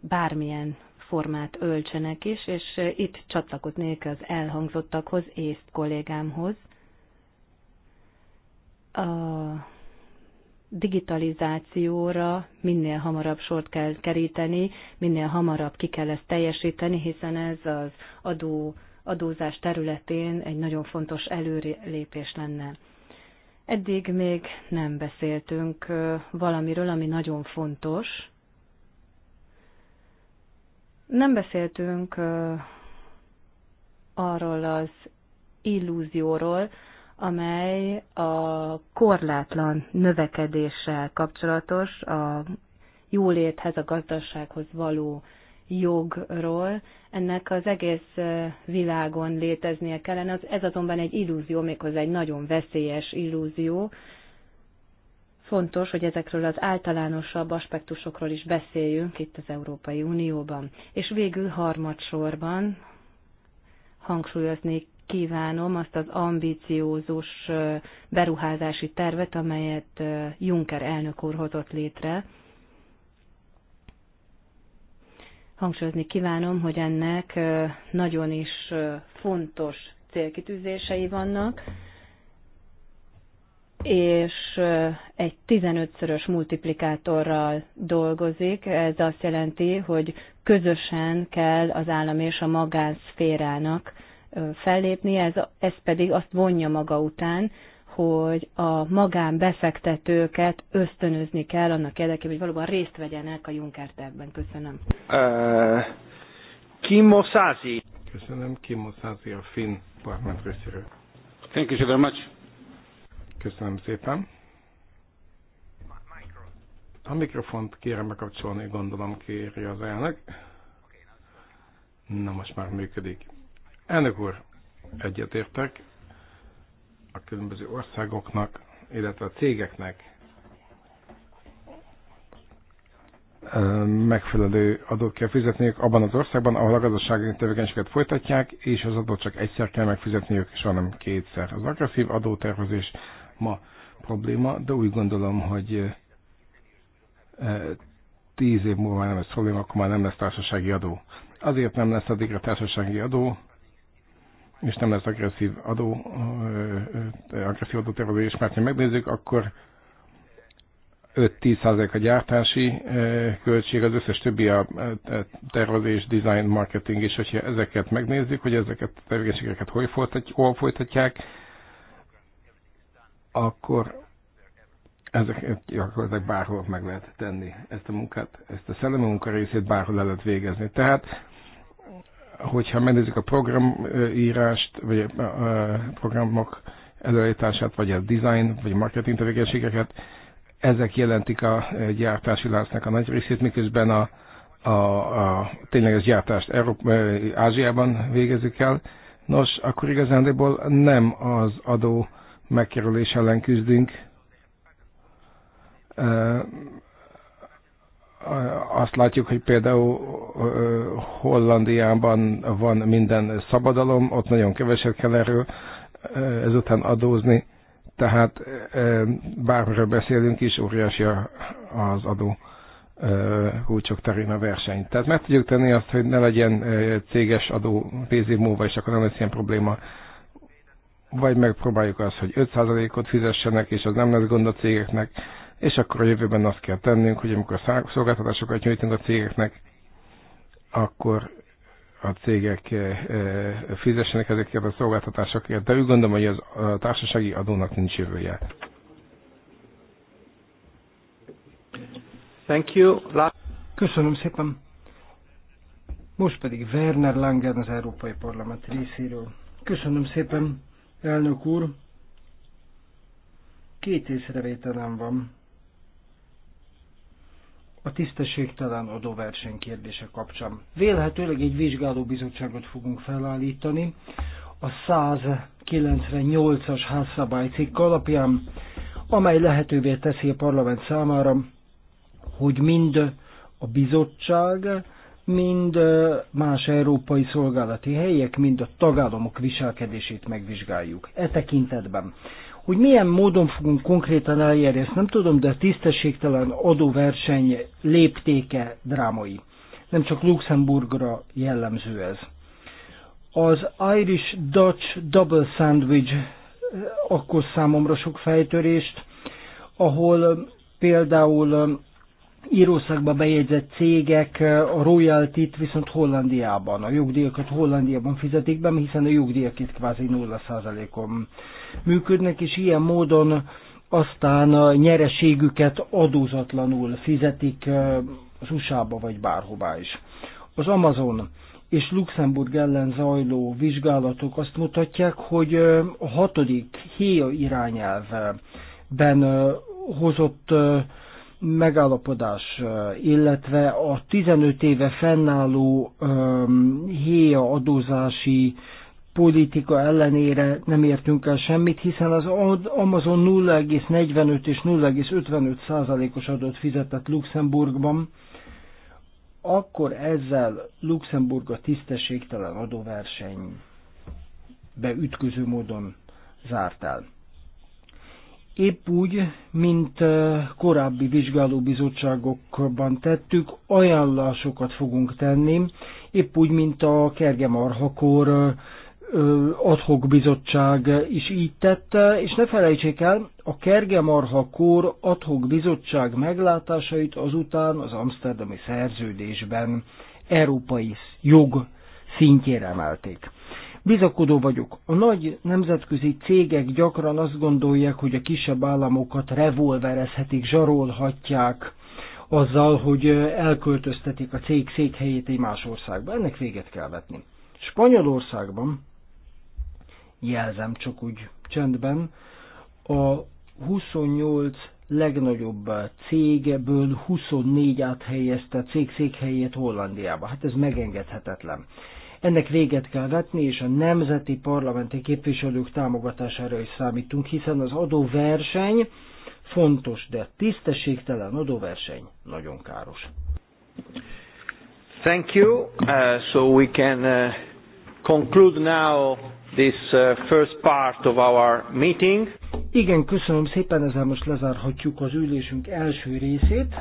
Speaker 3: bármilyen formát öltsenek is, és itt csatlakoznék az elhangzottakhoz, észt kollégámhoz. A digitalizációra minél hamarabb sort kell keríteni, minél hamarabb ki kell ezt teljesíteni, hiszen ez az adó, adózás területén egy nagyon fontos előrelépés lenne. Eddig még nem beszéltünk valamiről, ami nagyon fontos. Nem beszéltünk arról az illúzióról, amely a korlátlan növekedéssel kapcsolatos, a jóléthez, a gazdasághoz való jogról, ennek az egész világon léteznie kellene. Ez azonban egy illúzió, méghozzá egy nagyon veszélyes illúzió. Fontos, hogy ezekről az általánosabb aspektusokról is beszéljünk itt az Európai Unióban. És végül harmadsorban hangsúlyozni kívánom azt az ambíciózus beruházási tervet, amelyet Juncker elnök úr hozott létre, Hangsúlyozni kívánom, hogy ennek nagyon is fontos célkitűzései vannak, és egy 15-szörös multiplikátorral dolgozik. Ez azt jelenti, hogy közösen kell az állam és a magánszférának fellépni, ez, ez pedig azt vonja maga után, hogy a magánbefektetőket ösztönözni kell annak érdekében, hogy valóban részt vegyenek a Juncker tervben. Köszönöm.
Speaker 2: Uh, Kimmo Százi. Köszönöm, Kimmo Százi a Finn parlament részéről. Thank you so very much. Köszönöm szépen. A mikrofont kérem bekapcsolni, gondolom kéri az elnök. Na most már működik. Elnök úr, egyetértek a különböző országoknak, illetve a cégeknek megfelelő adót kell fizetniük abban az országban, ahol a gazdasági tevékenységet folytatják, és az adót csak egyszer kell megfizetniük, és hanem kétszer. Az agresszív adótervezés ma probléma, de úgy gondolom, hogy tíz év múlva nem lesz probléma, akkor már nem lesz társasági adó. Azért nem lesz addigra társasági adó, és nem lesz agresszív adó, agresszív adótervezés, mert ha megnézzük, akkor 5-10% a gyártási költség, az összes többi a tervezés, design, marketing, és hogyha ezeket megnézzük, hogy ezeket a tevékenységeket hol, folytatják, folytatják, akkor ezeket gyakorlatilag bárhol meg lehet tenni ezt a munkát, ezt a szellemi munka részét bárhol lehet végezni. Tehát hogyha megnézzük a programírást, vagy a programok előállítását, vagy a design, vagy a marketing tevékenységeket, ezek jelentik a gyártási láncnak a nagy részét, miközben a, a, a tényleges gyártást Európa, Ázsiában végezik el. Nos, akkor igazándiból nem az adó megkerülés ellen küzdünk, azt látjuk, hogy például Hollandiában van minden szabadalom, ott nagyon keveset kell erről ezután adózni, tehát bármiről beszélünk is, óriási az adó húcsok terén a verseny. Tehát meg tudjuk tenni azt, hogy ne legyen céges adó tíz év múlva, és akkor nem lesz ilyen probléma. Vagy megpróbáljuk azt, hogy 5%-ot fizessenek, és az nem lesz gond a cégeknek és akkor a jövőben azt kell tennünk, hogy amikor szolgáltatásokat nyújtunk a cégeknek, akkor a cégek eh, eh, fizessenek ezekért a szolgáltatásokért, de úgy gondolom, hogy az a társasági adónak nincs jövője.
Speaker 1: Thank you. Köszönöm szépen. Most pedig Werner Langen az Európai Parlament részéről. Köszönöm szépen, elnök úr. Két észrevételem van a tisztességtelen adóverseny kérdése kapcsán. Vélhetőleg egy vizsgálóbizottságot fogunk felállítani a 198-as házszabálycikk alapján, amely lehetővé teszi a parlament számára, hogy mind a bizottság, mind más európai szolgálati helyek, mind a tagállamok viselkedését megvizsgáljuk. E tekintetben hogy milyen módon fogunk konkrétan elérni ezt nem tudom, de a tisztességtelen adóverseny léptéke drámai. Nem csak Luxemburgra jellemző ez. Az Irish Dutch Double Sandwich eh, akkor számomra sok fejtörést, ahol eh, például eh, Írországba bejegyzett cégek a royalty viszont Hollandiában, a jogdíjakat Hollandiában fizetik be, hiszen a jogdíjak kvázi 0%-on működnek, és ilyen módon aztán a nyereségüket adózatlanul fizetik az usa vagy bárhová is. Az Amazon és Luxemburg ellen zajló vizsgálatok azt mutatják, hogy a hatodik héja irányelvben hozott megállapodás, illetve a 15 éve fennálló héja adózási politika ellenére nem értünk el semmit, hiszen az Amazon 0,45 és 0,55 százalékos adót fizetett Luxemburgban, akkor ezzel Luxemburg a tisztességtelen adóverseny beütköző módon zárt el. Épp úgy, mint korábbi vizsgálóbizottságokban tettük, ajánlásokat fogunk tenni, épp úgy, mint a kergemarhakor adhok bizottság is így tette, és ne felejtsék el, a Kergemarha kor adhok bizottság meglátásait azután az Amsterdami szerződésben európai jog szintjére emelték. Bizakodó vagyok. A nagy nemzetközi cégek gyakran azt gondolják, hogy a kisebb államokat revolverezhetik, zsarolhatják, azzal, hogy elköltöztetik a cég székhelyét egy más országba. Ennek véget kell vetni. Spanyolországban jelzem csak úgy csendben, a 28 legnagyobb cégeből 24 áthelyezte cég székhelyét Hollandiába. Hát ez megengedhetetlen. Ennek véget kell vetni, és a nemzeti parlamenti képviselők támogatására is számítunk, hiszen az adóverseny fontos, de tisztességtelen adóverseny nagyon káros. Thank you. Uh, so we can uh, conclude now this uh, first part of our meeting. Igen, köszönöm szépen, ezzel most lezárhatjuk az ülésünk első részét.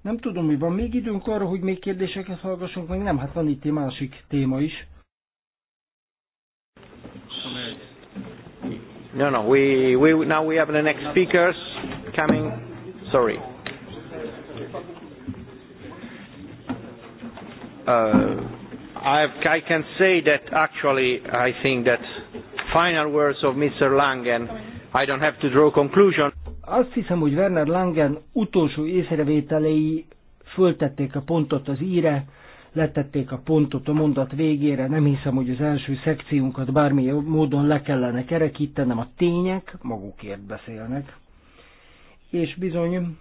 Speaker 1: Nem tudom, mi van még időnk arra, hogy még kérdéseket hallgassunk, meg nem, hát van itt egy másik téma is. No, no, we, we, now we have the next speakers coming. Sorry. Uh, I, I can say that actually I think that final words of Mr. Langen, I don't have to draw conclusion. Azt hiszem, hogy Werner Langen utolsó észrevételei föltették a pontot az íre, letették a pontot a mondat végére, nem hiszem, hogy az első szekciónkat bármilyen módon le kellene kerekítenem, a tények magukért beszélnek. És bizony,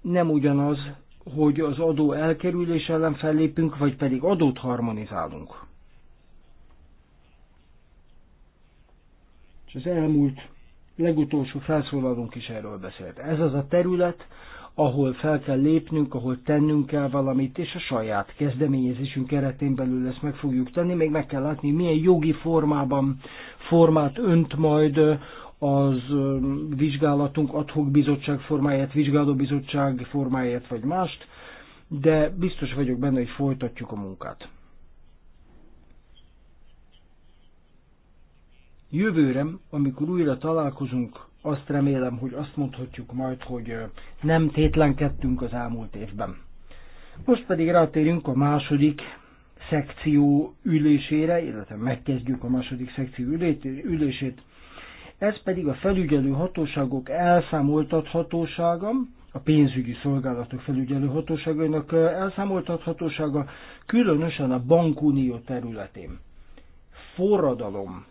Speaker 1: nem ugyanaz hogy az adó elkerülés ellen fellépünk, vagy pedig adót harmonizálunk. És az elmúlt legutolsó felszólalunk is erről beszélt. Ez az a terület, ahol fel kell lépnünk, ahol tennünk kell valamit, és a saját kezdeményezésünk keretén belül ezt meg fogjuk tenni, még meg kell látni, milyen jogi formában formát önt majd az vizsgálatunk adhok bizottság formáját, vizsgáló bizottság formáját, vagy mást, de biztos vagyok benne, hogy folytatjuk a munkát. Jövőre, amikor újra találkozunk, azt remélem, hogy azt mondhatjuk majd, hogy nem tétlenkedtünk az elmúlt évben. Most pedig rátérünk a második szekció ülésére, illetve megkezdjük a második szekció ülését ez pedig a felügyelő hatóságok elszámoltathatósága, a pénzügyi szolgálatok felügyelő hatóságainak elszámoltathatósága, különösen a bankunió területén. Forradalom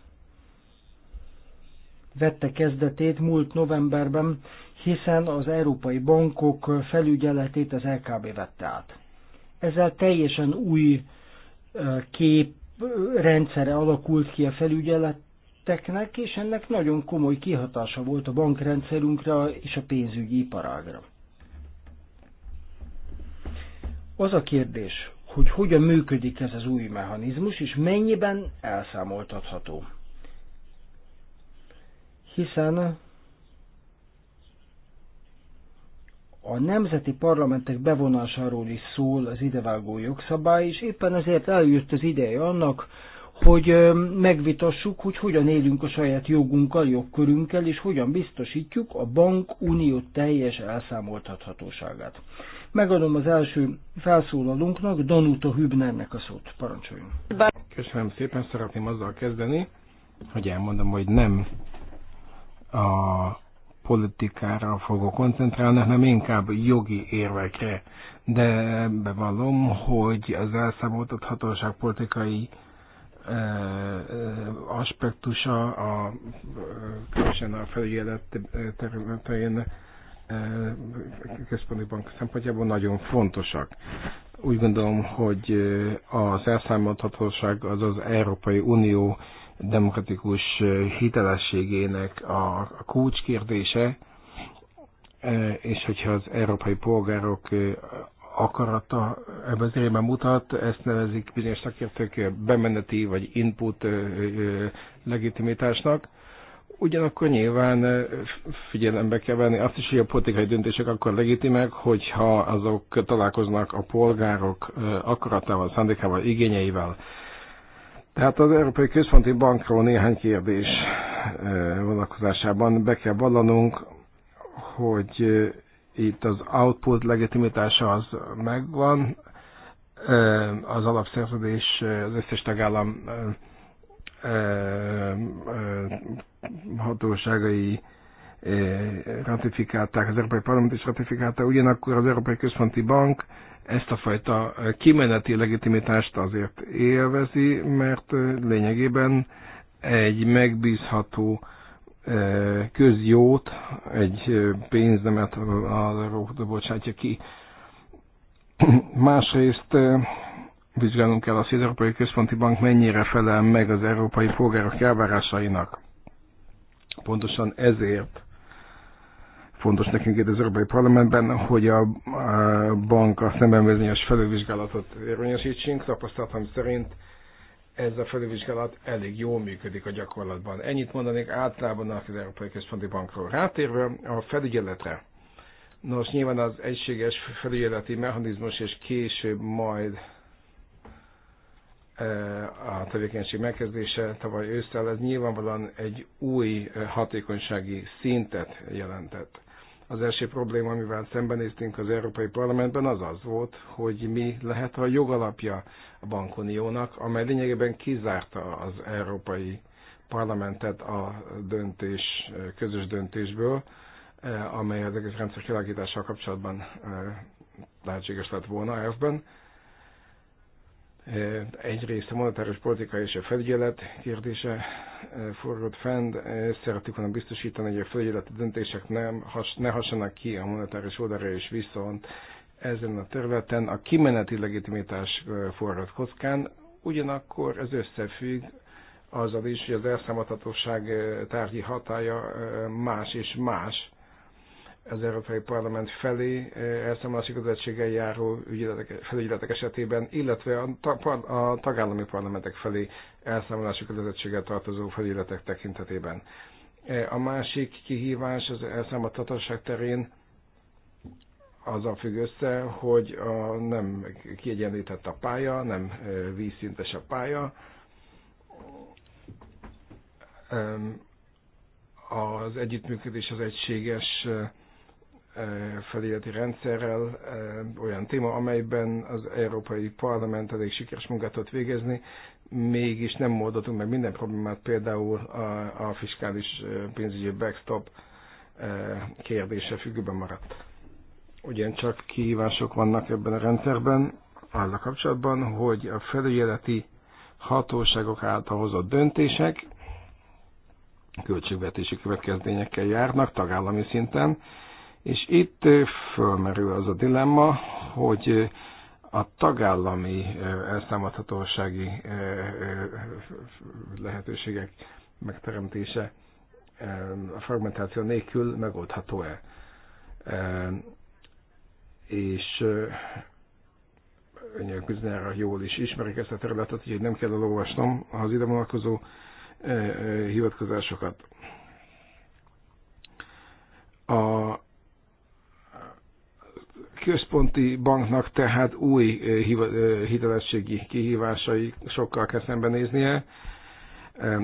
Speaker 1: vette kezdetét múlt novemberben, hiszen az európai bankok felügyeletét az LKB vette át. Ezzel teljesen új kép rendszere alakult ki a felügyelet tetteknek, és ennek nagyon komoly kihatása volt a bankrendszerünkre és a pénzügyi iparágra. Az a kérdés, hogy hogyan működik ez az új mechanizmus, és mennyiben elszámoltatható. Hiszen a nemzeti parlamentek bevonásáról is szól az idevágó jogszabály, és éppen ezért eljött az ideje annak, hogy megvitassuk, hogy hogyan élünk a saját jogunkkal, jogkörünkkel, és hogyan biztosítjuk a bankunió teljes elszámoltathatóságát. Megadom az első felszólalónknak, Danuta Hübnernek a szót. Parancsoljon.
Speaker 2: Köszönöm szépen, szeretném azzal kezdeni, hogy elmondom, hogy nem a politikára fogok koncentrálni, hanem inkább jogi érvekre. De bevallom, hogy az elszámoltathatóság politikai aspektusa a különösen a felügyelet területén központi bank szempontjából nagyon fontosak. Úgy gondolom, hogy az elszámolhatóság az az Európai Unió demokratikus hitelességének a kulcskérdése, és hogyha az európai polgárok akarata ebben az irányban mutat, ezt nevezik bizonyos szakértők bemeneti vagy input legitimitásnak. Ugyanakkor nyilván figyelembe kell venni azt is, hogy a politikai döntések akkor legitimek, hogyha azok találkoznak a polgárok akaratával, szándékával, igényeivel. Tehát az Európai Központi Bankról néhány kérdés vonatkozásában be kell vallanunk, hogy itt az output legitimitása az megvan, az alapszerződés az összes tagállam hatóságai ratifikálták, az Európai Parlament is ratifikálta, ugyanakkor az Európai Központi Bank ezt a fajta kimeneti legitimitást azért élvezi, mert lényegében egy megbízható közjót, egy pénznemet arra bocsátja ki. Másrészt vizsgálnunk kell azt, hogy az Európai Központi Bank mennyire felel meg az európai polgárok elvárásainak. Pontosan ezért fontos nekünk itt az Európai Parlamentben, hogy a bank a szemben felülvizsgálatot érvényesítsünk. Tapasztalatom szerint ez a felülvizsgálat elég jól működik a gyakorlatban. Ennyit mondanék általában az Európai Központi Bankról. Rátérve a felügyeletre. Nos, nyilván az egységes felügyeleti mechanizmus és később majd e, a tevékenység megkezdése tavaly ősszel, ez nyilvánvalóan egy új hatékonysági szintet jelentett. Az első probléma, amivel szembenéztünk az Európai Parlamentben, az az volt, hogy mi lehet a jogalapja a bankuniónak, amely lényegében kizárta az Európai Parlamentet a döntés, közös döntésből, eh, amely az egész rendszer kialakítással kapcsolatban eh, lehetséges lett volna ebben. Eh, egyrészt a monetáris politika és a felügyelet kérdése forgott fent. Szeretik volna biztosítani, hogy a felügyeleti döntések nem has, ne hassanak ki a monetáris oldalra, és viszont ezen a területen a kimeneti legitimitás forrad kockán, ugyanakkor ez összefügg azzal is, hogy az elszámadhatóság tárgyi hatája más és más az Európai Parlament felé elszámolási közösséggel járó ügyeletek, felügyeletek esetében, illetve a, a tagállami parlamentek felé elszámolási közösséggel tartozó felügyeletek tekintetében. A másik kihívás az elszámadhatóság terén azzal függ össze, hogy a, nem kiegyenlített a pálya, nem vízszintes a pálya. Az együttműködés az egységes feléleti rendszerrel olyan téma, amelyben az Európai Parlament elég sikeres munkát tudott végezni, mégis nem oldottunk meg minden problémát, például a, a fiskális pénzügyi backstop kérdése függőben maradt ugyancsak kihívások vannak ebben a rendszerben, azzal kapcsolatban, hogy a felügyeleti hatóságok által hozott döntések költségvetési következményekkel járnak tagállami szinten, és itt fölmerül az a dilemma, hogy a tagállami elszámadhatósági lehetőségek megteremtése a fragmentáció nélkül megoldható-e és önök bizonyára jól is ismerik ezt a területet, úgyhogy nem kell elolvasnom az ide vonatkozó hivatkozásokat. A központi banknak tehát új hitelességi kihívásai sokkal kell szembenéznie.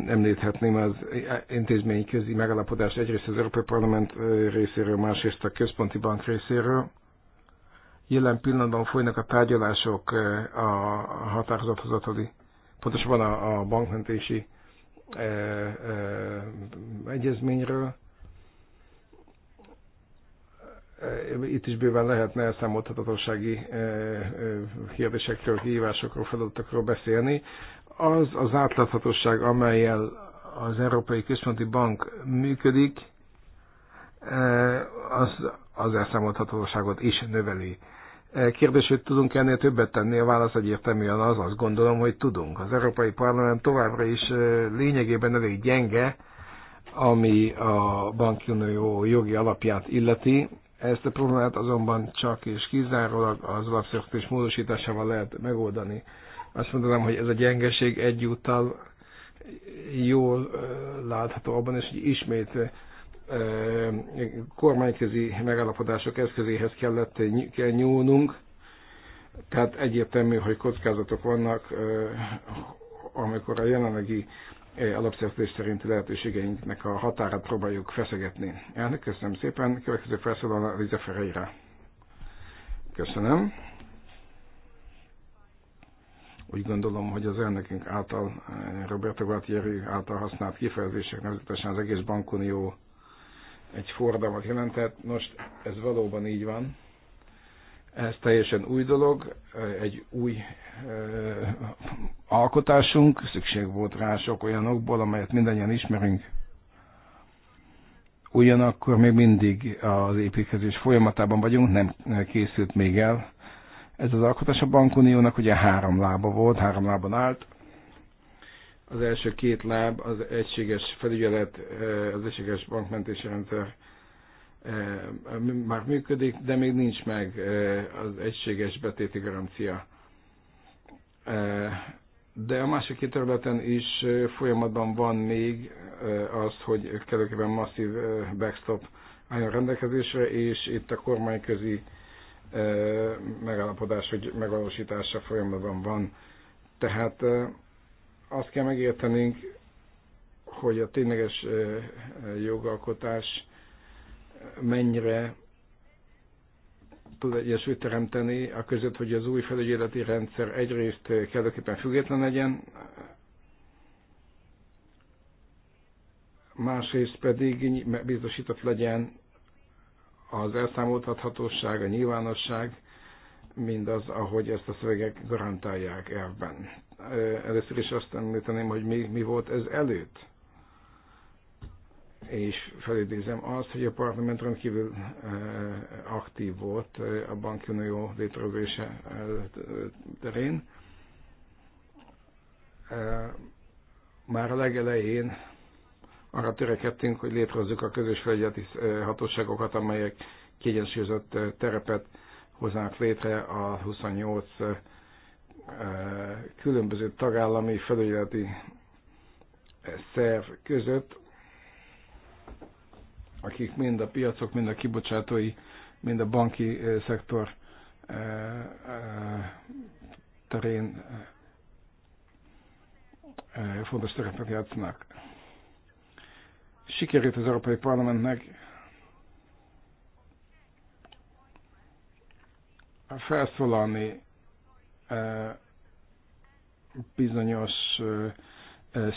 Speaker 2: Említhetném az intézményi megalapodást egyrészt az Európai Parlament részéről, másrészt a központi bank részéről Jelen pillanatban folynak a tárgyalások eh, a határozathozatali, pontosabban a, bankmentési eh, eh, egyezményről. Itt is bőven lehetne elszámolhatatossági kérdésekről, kihívásokról, feladatokról beszélni. Az az átláthatóság, amelyel az Európai Központi Bank működik, az, az elszámolhatóságot is növeli. Kérdés, hogy tudunk ennél többet tenni, a válasz egyértelműen az, azt gondolom, hogy tudunk. Az Európai Parlament továbbra is lényegében elég gyenge, ami a bankunió jogi alapját illeti. Ezt a problémát azonban csak és kizárólag az alapszerződés módosításával lehet megoldani. Azt mondanám, hogy ez a gyengeség egyúttal jól látható abban, és hogy ismét kormányközi megállapodások eszközéhez kellett kell nyúlnunk, tehát egyértelmű, hogy kockázatok vannak, amikor a jelenlegi alapszerződés szerinti lehetőségeinknek a határát próbáljuk feszegetni. Elnök, köszönöm szépen. Következő a Liza Ferreira. Köszönöm. Úgy gondolom, hogy az elnökünk által, Roberto Gualtieri által használt kifejezések, nevezetesen az egész bankunió egy forradalmat jelentett. Most ez valóban így van. Ez teljesen új dolog, egy új alkotásunk, szükség volt rá sok olyanokból, amelyet mindannyian ismerünk. Ugyanakkor még mindig az építkezés folyamatában vagyunk, nem készült még el. Ez az alkotás a bankuniónak ugye három lába volt, három lábon állt, az első két láb az egységes felügyelet, eh, az egységes bankmentési rendszer eh, már működik, de még nincs meg eh, az egységes betéti garancia. De a másik két területen is folyamatban van még az, hogy kellőképpen masszív backstop álljon rendelkezésre, és itt a kormányközi megállapodás, hogy megvalósítása folyamatban van. Tehát azt kell megértenünk, hogy a tényleges jogalkotás mennyire tud egyesült teremteni, a között, hogy az új felügyeleti rendszer egyrészt kellőképpen független legyen, másrészt pedig biztosított legyen az elszámoltathatóság, a nyilvánosság, mindaz, ahogy ezt a szövegek garantálják elvben. Először is azt említeném, hogy mi, mi volt ez előtt. És felidézem azt, hogy a parlament rendkívül eh, aktív volt eh, a bankunió létrehozása eh, terén. Már a legelején arra törekedtünk, hogy létrehozzuk a közös felügyeleti hatóságokat, amelyek kiegyensúlyozott terepet hoznak létre a 28 különböző tagállami felügyeleti szerv között, akik mind a piacok, mind a kibocsátói, mind a banki eh, szektor eh, eh, terén fontos szerepet játszanak. Sikerült az Európai Parlamentnek felszólalni bizonyos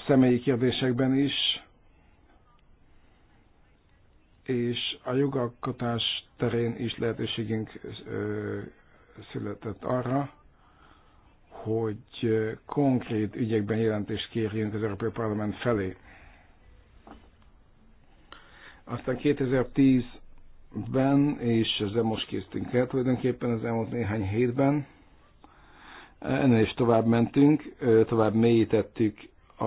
Speaker 2: személyi kérdésekben is, és a jogalkotás terén is lehetőségünk született arra, hogy konkrét ügyekben jelentést kérjünk az Európai Parlament felé. Aztán 2010-ben, és ezzel most készítünk el tulajdonképpen az elmúlt néhány hétben, Ennél is tovább mentünk, tovább mélyítettük a,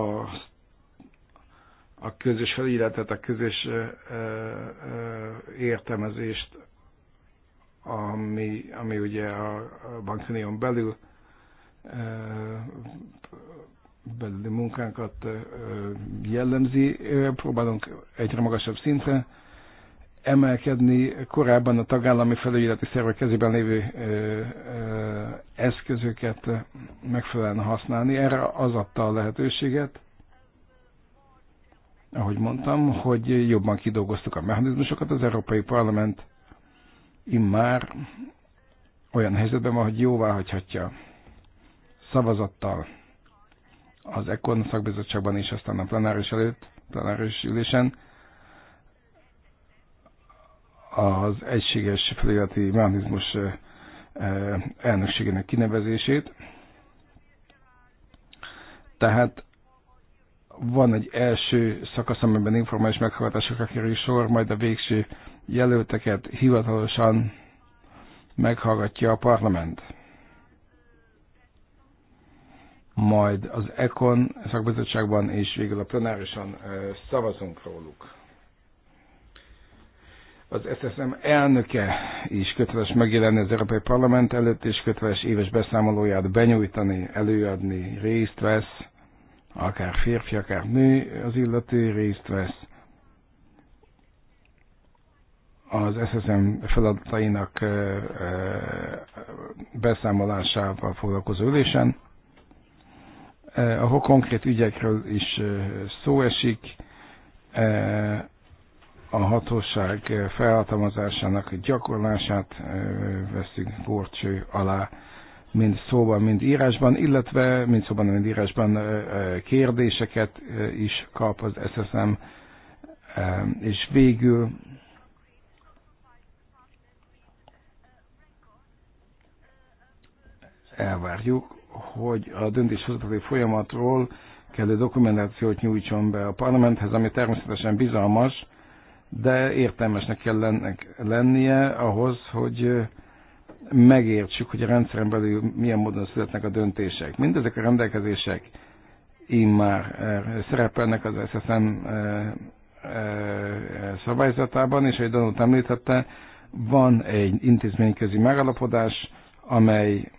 Speaker 2: a közös felületet, a közös értelmezést, ami, ami ugye a bankunión belül belüli munkánkat jellemzi. Próbálunk egyre magasabb szintre emelkedni. Korábban a tagállami felügyeleti szervek kezében lévő ö, ö, eszközöket megfelelően használni. Erre az adta a lehetőséget, ahogy mondtam, hogy jobban kidolgoztuk a mechanizmusokat. Az Európai Parlament immár olyan helyzetben van, hogy jóvá hagyhatja szavazattal az ECON szakbizottságban és aztán a plenáris előtt, plenáris ülésen az egységes felületi mechanizmus elnökségének kinevezését. Tehát van egy első szakasz, amiben informális meghallgatásokra kerül sor, majd a végső jelölteket hivatalosan meghallgatja a parlament. Majd az ECON szakbizottságban és végül a plenárisan szavazunk róluk az SSM elnöke is köteles megjelenni az Európai Parlament előtt, és köteles éves beszámolóját benyújtani, előadni, részt vesz, akár férfi, akár nő az illető részt vesz az SSM feladatainak beszámolásával foglalkozó ülésen, ahol konkrét ügyekről is szó esik, a hatóság eh, felhatalmazásának gyakorlását eh, veszünk gorcső alá, mind szóban, mind írásban, illetve mind szóban, mind írásban eh, kérdéseket is kap az SSM, és végül elvárjuk, hogy a döntéshozatali folyamatról kellő dokumentációt nyújtson be a parlamenthez, ami természetesen bizalmas, de értelmesnek kell lennek, lennie ahhoz, hogy megértsük, hogy a rendszeren belül milyen módon születnek a döntések. Mindezek a rendelkezések immár szerepelnek az SSM szabályzatában, és ahogy Donald említette, van egy intézményközi megalapodás, amely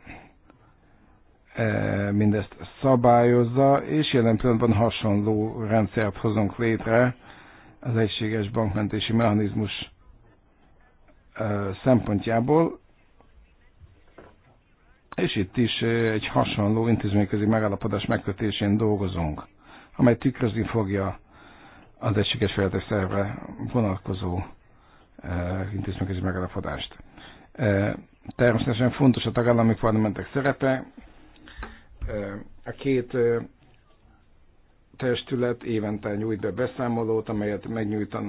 Speaker 2: mindezt szabályozza, és jelen pillanatban hasonló rendszert hozunk létre, az egységes bankmentési mechanizmus szempontjából, és itt is egy hasonló intézményközi megállapodás megkötésén dolgozunk, amely tükrözni fogja az egységes feladatos szerve vonatkozó intézményközi megállapodást. Természetesen fontos a tagállami parlamentek szerepe. A két testület évente nyújt be beszámolót, amelyet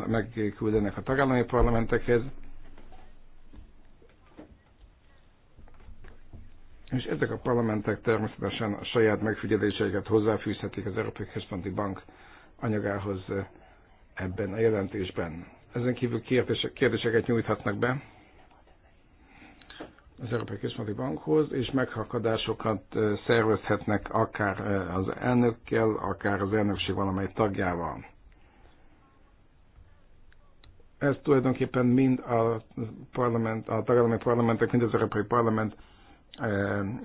Speaker 2: megküldenek a tagállami parlamentekhez. És ezek a parlamentek természetesen a saját megfigyeléseiket hozzáfűzhetik az Európai Központi Bank anyagához ebben a jelentésben. Ezen kívül kérdések, kérdéseket nyújthatnak be az Európai Központi Bankhoz, és meghakadásokat szervezhetnek akár az elnökkel, akár az elnökség valamely tagjával. Ez tulajdonképpen mind a, parlament, a tagállami parlamentek, mind az Európai Parlament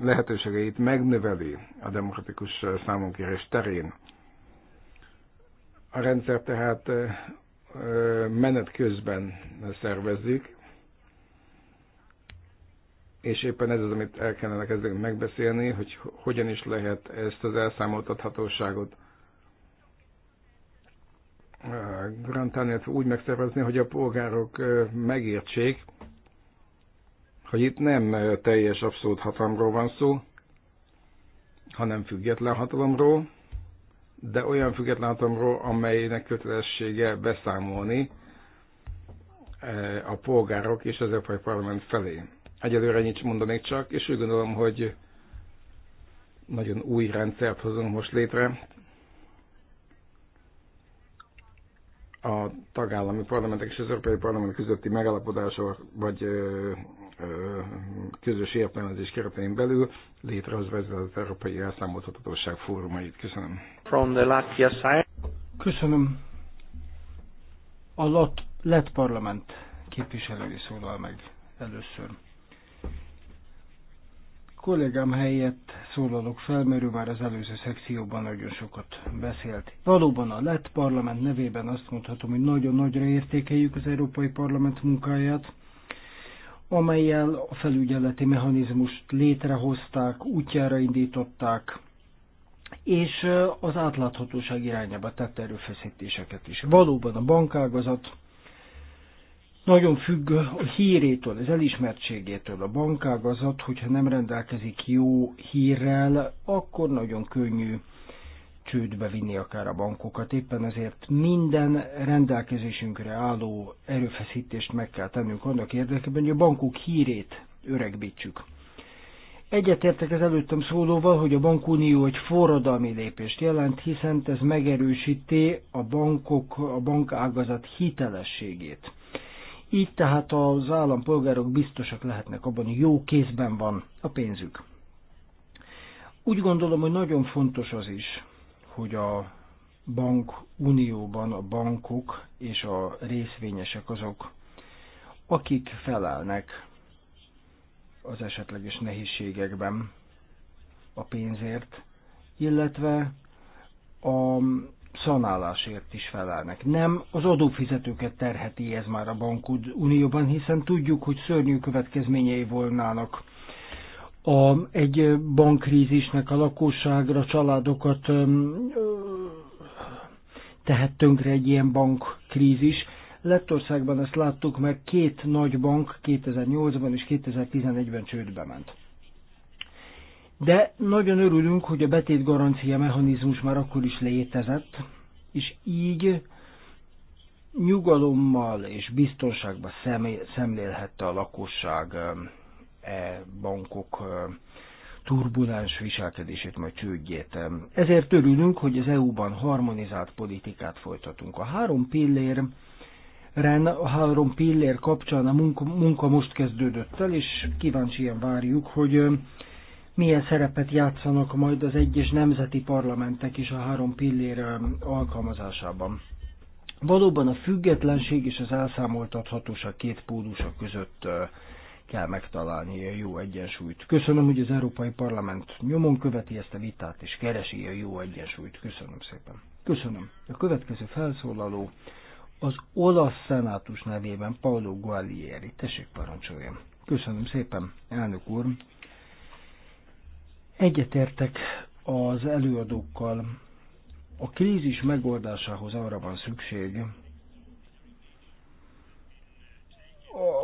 Speaker 2: lehetőségeit megnöveli a demokratikus számunkérés terén. A rendszer tehát menet közben szervezzük, és éppen ez az, amit el kellene kezdeni megbeszélni, hogy hogyan is lehet ezt az elszámoltathatóságot grantánét úgy megszervezni, hogy a polgárok megértsék, hogy itt nem teljes abszolút hatalomról van szó, hanem független hatalomról, de olyan független hatalomról, amelynek kötelessége beszámolni a polgárok és az Európai Parlament felé. Egyelőre nincs mondanék csak, és úgy gondolom, hogy nagyon új rendszert hozunk most létre. A tagállami parlamentek és az Európai Parlament közötti megállapodások vagy ö, ö, közös értelmezés keretein belül létrehozva ezzel az Európai Elszámoltathatóság fórumait. Köszönöm.
Speaker 1: From the Latvia side. Köszönöm. A Lat, Lett Parlament képviselői szólal meg először kollégám helyett szólalok fel, mert ő már az előző szekcióban nagyon sokat beszélt. Valóban a lett parlament nevében azt mondhatom, hogy nagyon nagyra értékeljük az Európai Parlament munkáját, amelyel a felügyeleti mechanizmust létrehozták, útjára indították, és az átláthatóság irányába tett erőfeszítéseket is. Valóban a bankágazat nagyon függ a hírétől, az elismertségétől. A bankágazat, hogyha nem rendelkezik jó hírrel, akkor nagyon könnyű csődbe vinni akár a bankokat. Éppen ezért minden rendelkezésünkre álló erőfeszítést meg kell tennünk annak érdekében, hogy a bankok hírét öregbítsük. Egyetértek az előttem szólóval, hogy a bankunió egy forradalmi lépést jelent, hiszen ez megerősíti a bankok, a bankágazat hitelességét így tehát az állampolgárok biztosak lehetnek abban, hogy jó kézben van a pénzük. Úgy gondolom, hogy nagyon fontos az is, hogy a bank unióban a bankok és a részvényesek azok, akik felelnek az esetleges nehézségekben a pénzért, illetve a szanálásért is felelnek. Nem az adófizetőket terheti ez már a bankud unióban, hiszen tudjuk, hogy szörnyű következményei volnának a, egy bankkrízisnek a lakosságra, családokat ö, tehet tönkre egy ilyen bankkrízis. Lettországban ezt láttuk, mert két nagy bank 2008-ban és 2011-ben csődbe ment. De nagyon örülünk, hogy a betét garancia mechanizmus már akkor is létezett, és így nyugalommal és biztonságban szemlélhette a lakosság um, e bankok um, turbulens viselkedését, majd csődjét. Um, ezért örülünk, hogy az EU-ban harmonizált politikát folytatunk. A három pillér Ren, a három pillér kapcsán a munka, munka most kezdődött el, és kíváncsian várjuk, hogy milyen szerepet játszanak majd az egyes nemzeti parlamentek is a három pillér alkalmazásában. Valóban a függetlenség és az elszámoltathatóság két pólusa között kell megtalálni a jó egyensúlyt. Köszönöm, hogy az Európai Parlament nyomon követi ezt a vitát, és keresi a jó egyensúlyt. Köszönöm szépen. Köszönöm. A következő felszólaló az olasz szenátus nevében Paolo Gualieri. Tessék parancsoljam. Köszönöm szépen, elnök úr. Egyetértek az előadókkal. A krízis megoldásához arra van szükség,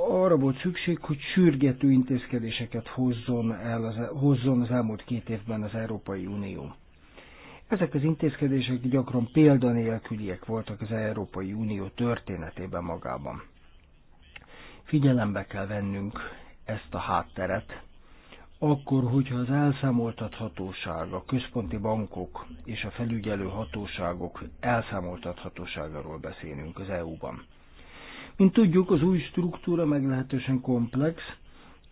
Speaker 1: arra volt szükség, hogy sürgető intézkedéseket hozzon, el az, hozzon az elmúlt két évben az Európai Unió. Ezek az intézkedések gyakran példanélküliek voltak az Európai Unió történetében magában. Figyelembe kell vennünk ezt a hátteret, akkor, hogyha az elszámoltathatóság, a központi bankok és a felügyelő hatóságok elszámoltathatóságáról beszélünk az EU-ban. Mint tudjuk, az új struktúra meglehetősen komplex,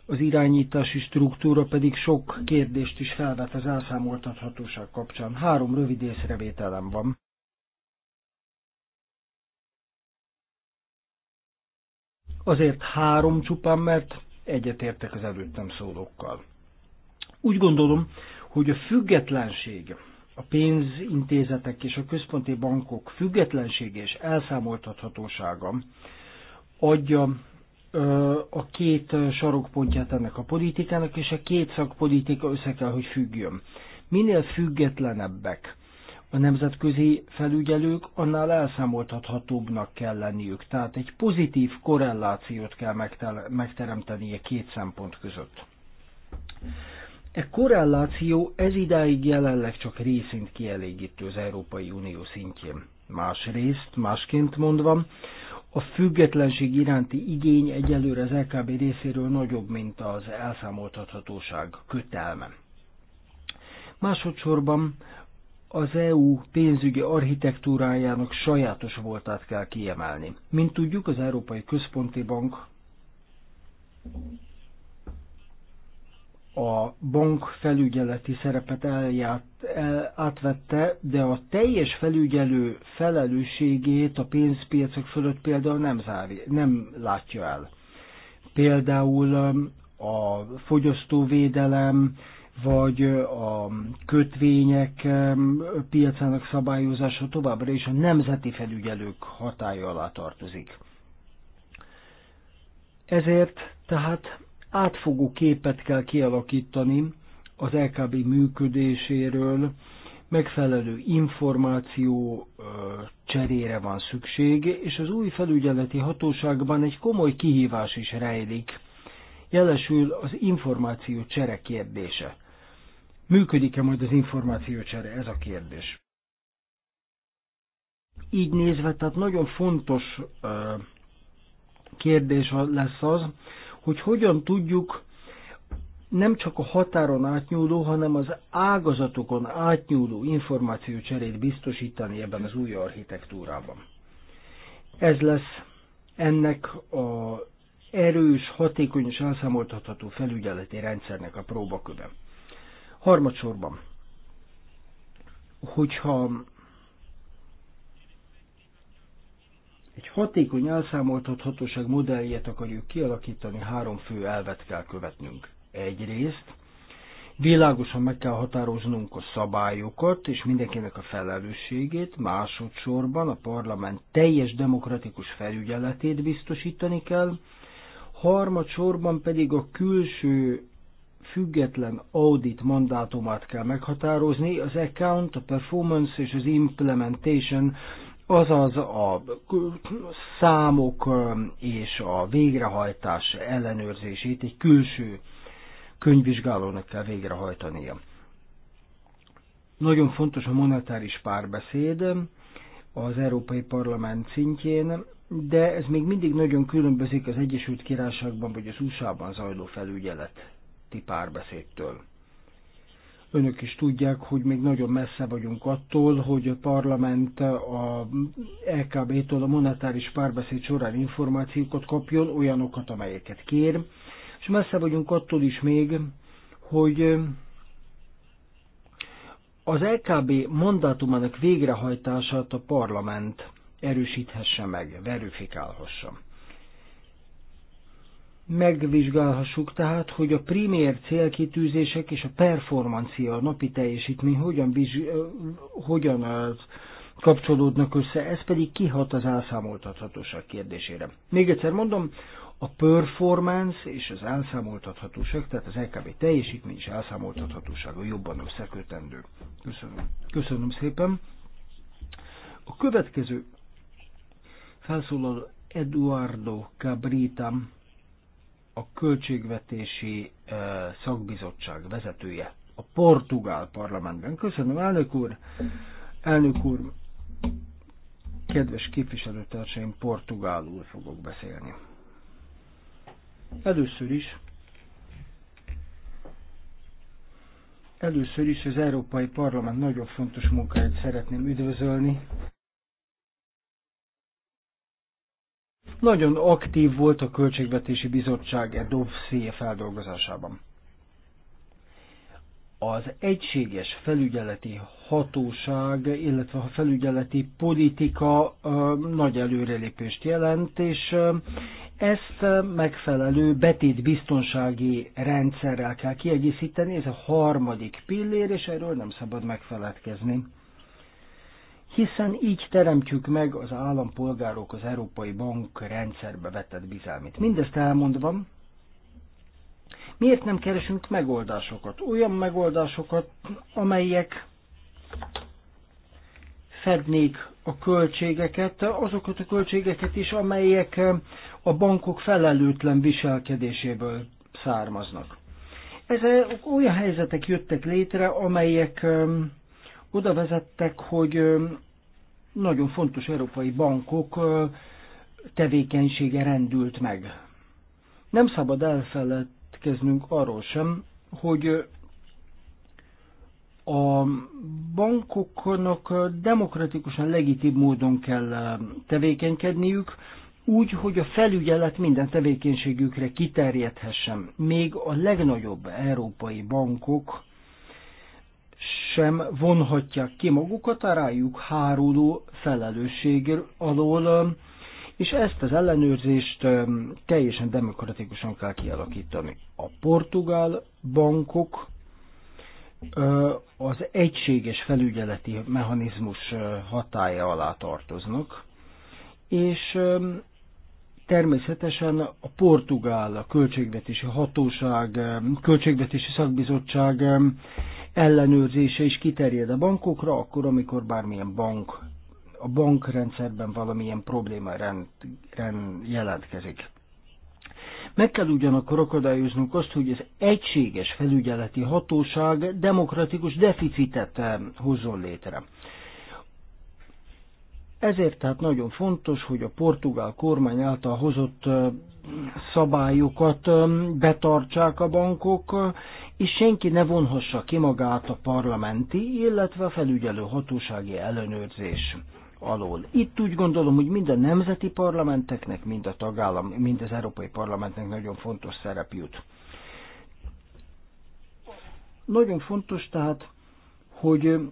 Speaker 1: az irányítási struktúra pedig sok kérdést is felvet az elszámoltathatóság kapcsán. Három rövid észrevételem van. Azért három csupán, mert egyetértek az előttem szólókkal. Úgy gondolom, hogy a függetlenség, a pénzintézetek és a központi bankok függetlensége és elszámoltathatósága adja a két sarokpontját ennek a politikának, és a két szakpolitika össze kell, hogy függjön. Minél függetlenebbek a nemzetközi felügyelők, annál elszámoltathatóbbnak kell lenniük. Tehát egy pozitív korrelációt kell megteremteni a két szempont között. E korreláció ez idáig jelenleg csak részint kielégítő az Európai Unió szintjén. Másrészt, másként mondva, a függetlenség iránti igény egyelőre az LKB részéről nagyobb, mint az elszámoltathatóság kötelme. Másodszorban az EU pénzügyi architektúrájának sajátos voltát kell kiemelni. Mint tudjuk, az Európai Központi Bank a bank felügyeleti szerepet eljárt, el, átvette, de a teljes felügyelő felelősségét a pénzpiacok fölött például nem, zárja, nem látja el. Például um, a fogyasztóvédelem, vagy uh, a kötvények um, piacának szabályozása továbbra is a nemzeti felügyelők hatája alá tartozik. Ezért tehát átfogó képet kell kialakítani az LKB működéséről, megfelelő információ cserére van szükség, és az új felügyeleti hatóságban egy komoly kihívás is rejlik. Jelesül az információ csere kérdése. Működik-e majd az információ csere? Ez a kérdés. Így nézve, tehát nagyon fontos kérdés lesz az, hogy hogyan tudjuk nem csak a határon átnyúló, hanem az ágazatokon átnyúló információcserét biztosítani ebben az új architektúrában. Ez lesz ennek a erős, hatékony és elszámoltatható felügyeleti rendszernek a próbaköve. Harmadsorban, hogyha Egy hatékony elszámoltathatóság modelljét akarjuk kialakítani, három fő elvet kell követnünk. Egyrészt világosan meg kell határoznunk a szabályokat és mindenkinek a felelősségét, másodszorban a parlament teljes demokratikus felügyeletét biztosítani kell, harmadsorban pedig a külső független audit mandátumát kell meghatározni, az account, a performance és az implementation azaz a számok és a végrehajtás ellenőrzését egy külső könyvvizsgálónak kell végrehajtania. Nagyon fontos a monetáris párbeszéd az Európai Parlament szintjén, de ez még mindig nagyon különbözik az Egyesült Királyságban vagy az USA-ban zajló felügyeleti párbeszédtől. Önök is tudják, hogy még nagyon messze vagyunk attól, hogy a parlament a LKB-tól a monetáris párbeszéd során információkat kapjon, olyanokat, amelyeket kér, és messze vagyunk attól is még, hogy az LKB mandátumának végrehajtását a parlament erősíthesse meg, verifikálhassa. Megvizsgálhassuk tehát, hogy a primér célkitűzések és a performancia, a napi teljesítmény hogyan, biz, hogyan kapcsolódnak össze, ez pedig kihat az elszámoltathatóság kérdésére. Még egyszer mondom, a performance és az elszámoltathatóság, tehát az LKB teljesítmény és elszámoltathatósága jobban összekötendő. Köszönöm. Köszönöm szépen. A következő felszólal Eduardo Cabrita a költségvetési eh, szakbizottság vezetője a portugál parlamentben. Köszönöm, elnök úr! Elnök úr, kedves képviselőtársaim, portugálul fogok beszélni. Először is Először is az Európai Parlament nagyon fontos munkáját szeretném üdvözölni. nagyon aktív volt a Költségvetési Bizottság e dosszé feldolgozásában. Az egységes felügyeleti hatóság, illetve a felügyeleti politika nagy előrelépést jelent, és ezt megfelelő betétbiztonsági rendszerrel kell kiegészíteni, ez a harmadik pillér, és erről nem szabad megfeledkezni hiszen így teremtjük meg az állampolgárok az Európai Bank rendszerbe vetett bizalmit. Mindezt elmondva, miért nem keresünk megoldásokat? Olyan megoldásokat, amelyek fednék a költségeket, azokat a költségeket is, amelyek a bankok felelőtlen viselkedéséből származnak. Ezek olyan helyzetek jöttek létre, amelyek oda vezettek, hogy nagyon fontos európai bankok tevékenysége rendült meg. Nem szabad elfeledkeznünk arról sem, hogy a bankoknak demokratikusan legitim módon kell tevékenykedniük, úgy, hogy a felügyelet minden tevékenységükre kiterjedhessen. Még a legnagyobb európai bankok sem vonhatják ki magukat a rájuk háruló felelősség alól, um, és ezt az ellenőrzést um, teljesen demokratikusan kell kialakítani. A portugál bankok uh, az egységes felügyeleti mechanizmus uh, hatája alá tartoznak, és um, természetesen a portugál a költségvetési hatóság, költségvetési szakbizottság ellenőrzése is kiterjed a bankokra, akkor, amikor bármilyen bank, a bankrendszerben valamilyen probléma rend, rend jelentkezik. Meg kell ugyanakkor akadályoznunk azt, hogy az egységes felügyeleti hatóság demokratikus deficitet eh, hozzon létre. Ezért tehát nagyon fontos, hogy a portugál kormány által hozott eh, szabályokat eh, betartsák a bankok, és senki ne vonhassa ki magát a parlamenti, illetve a felügyelő hatósági ellenőrzés alól. Itt úgy gondolom, hogy mind a nemzeti parlamenteknek, mind a tagállam, mind az Európai Parlamentnek nagyon fontos szerep jut. Nagyon fontos tehát, hogy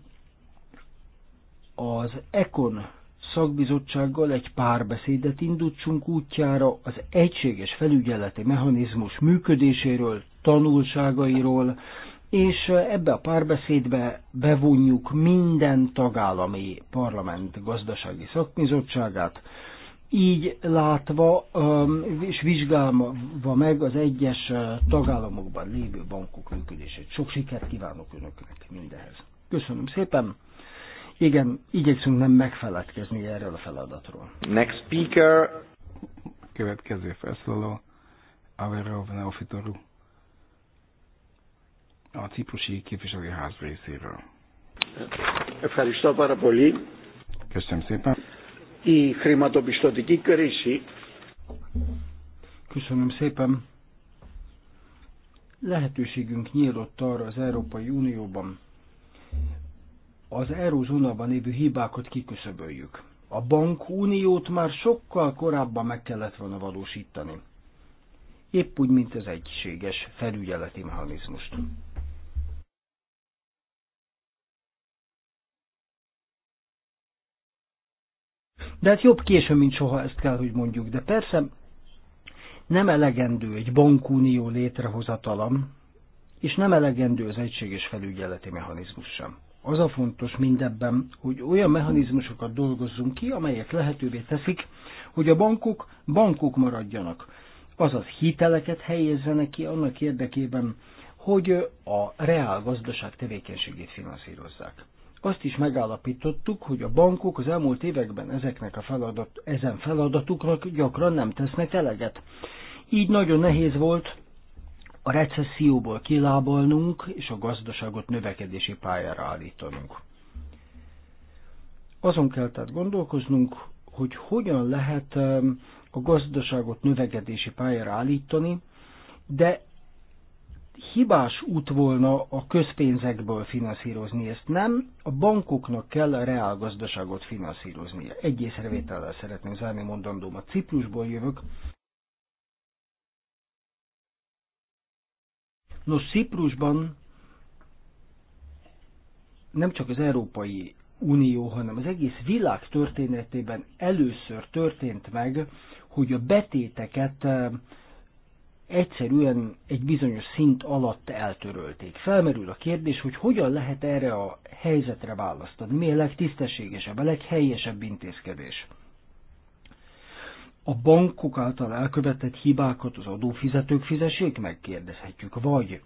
Speaker 1: az ECON szakbizottsággal egy párbeszédet indítsunk útjára az egységes felügyeleti mechanizmus működéséről, tanulságairól, és ebbe a párbeszédbe bevonjuk minden tagállami parlament gazdasági szakbizottságát, így látva és vizsgálva meg az egyes tagállamokban lévő bankok működését. Sok sikert kívánok Önöknek mindehez. Köszönöm szépen. Igen, igyekszünk nem megfeledkezni erről a feladatról.
Speaker 2: Next speaker. Következő felszólaló, Averov Neofitoru a ciprusi képviselőház részéről. Köszönöm szépen. Η χρηματοπιστωτική Köszönöm
Speaker 1: szépen. Lehetőségünk nyílott arra az Európai Unióban, az Eurózónában lévő hibákat kiküszöböljük. A bankuniót már sokkal korábban meg kellett volna valósítani. Épp úgy, mint az egységes felügyeleti mechanizmust. De hát jobb későn, mint soha, ezt kell, hogy mondjuk. De persze nem elegendő egy bankunió létrehozatalam, és nem elegendő az egységes felügyeleti mechanizmus sem. Az a fontos mindebben, hogy olyan mechanizmusokat dolgozzunk ki, amelyek lehetővé teszik, hogy a bankok bankok maradjanak. Azaz hiteleket helyezzenek ki annak érdekében, hogy a reál gazdaság tevékenységét finanszírozzák azt is megállapítottuk, hogy a bankok az elmúlt években ezeknek a feladat, ezen feladatuknak gyakran nem tesznek eleget. Így nagyon nehéz volt a recesszióból kilábalnunk és a gazdaságot növekedési pályára állítanunk. Azon kell tehát gondolkoznunk, hogy hogyan lehet a gazdaságot növekedési pályára állítani, de hibás út volna a közpénzekből finanszírozni ezt, nem, a bankoknak kell a reálgazdaságot finanszírozni. Egy észrevétellel szeretném zárni mondandómat. Ciprusból jövök. Nos, Ciprusban nem csak az Európai Unió, hanem az egész világ történetében először történt meg, hogy a betéteket eh, egyszerűen egy bizonyos szint alatt eltörölték. Felmerül a kérdés, hogy hogyan lehet erre a helyzetre választ adni, mi a legtisztességesebb, a leghelyesebb intézkedés. A bankok által elkövetett hibákat az adófizetők fizessék megkérdezhetjük vagy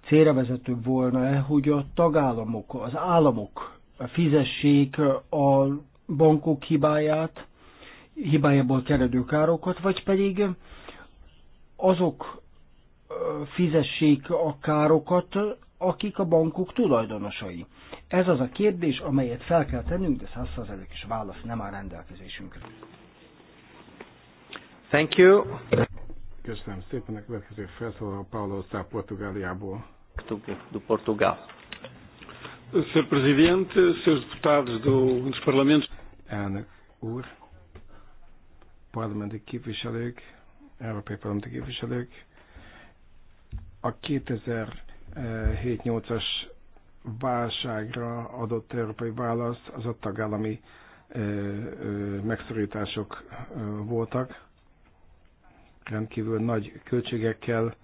Speaker 1: célra vezetőbb volna-e, hogy a tagállamok, az államok fizessék a bankok hibáját, hibájából keredő károkat, vagy pedig azok fizessék a károkat, akik a bankok tulajdonosai. Ez az a kérdés, amelyet fel kell tennünk, de 100%-os válasz
Speaker 2: nem áll rendelkezésünkre. Thank you. Köszönöm szépen. A következő felszólaló Paulo Szá Portugáliából. Do Portugal. Sr. Presidente, Srs. Deputados do, dos Parlamentos. Elnök úr, parlamenti képviselők, európai parlamenti képviselők. A 2007-8-as válságra adott európai válasz az a tagállami megszorítások voltak, rendkívül nagy költségekkel,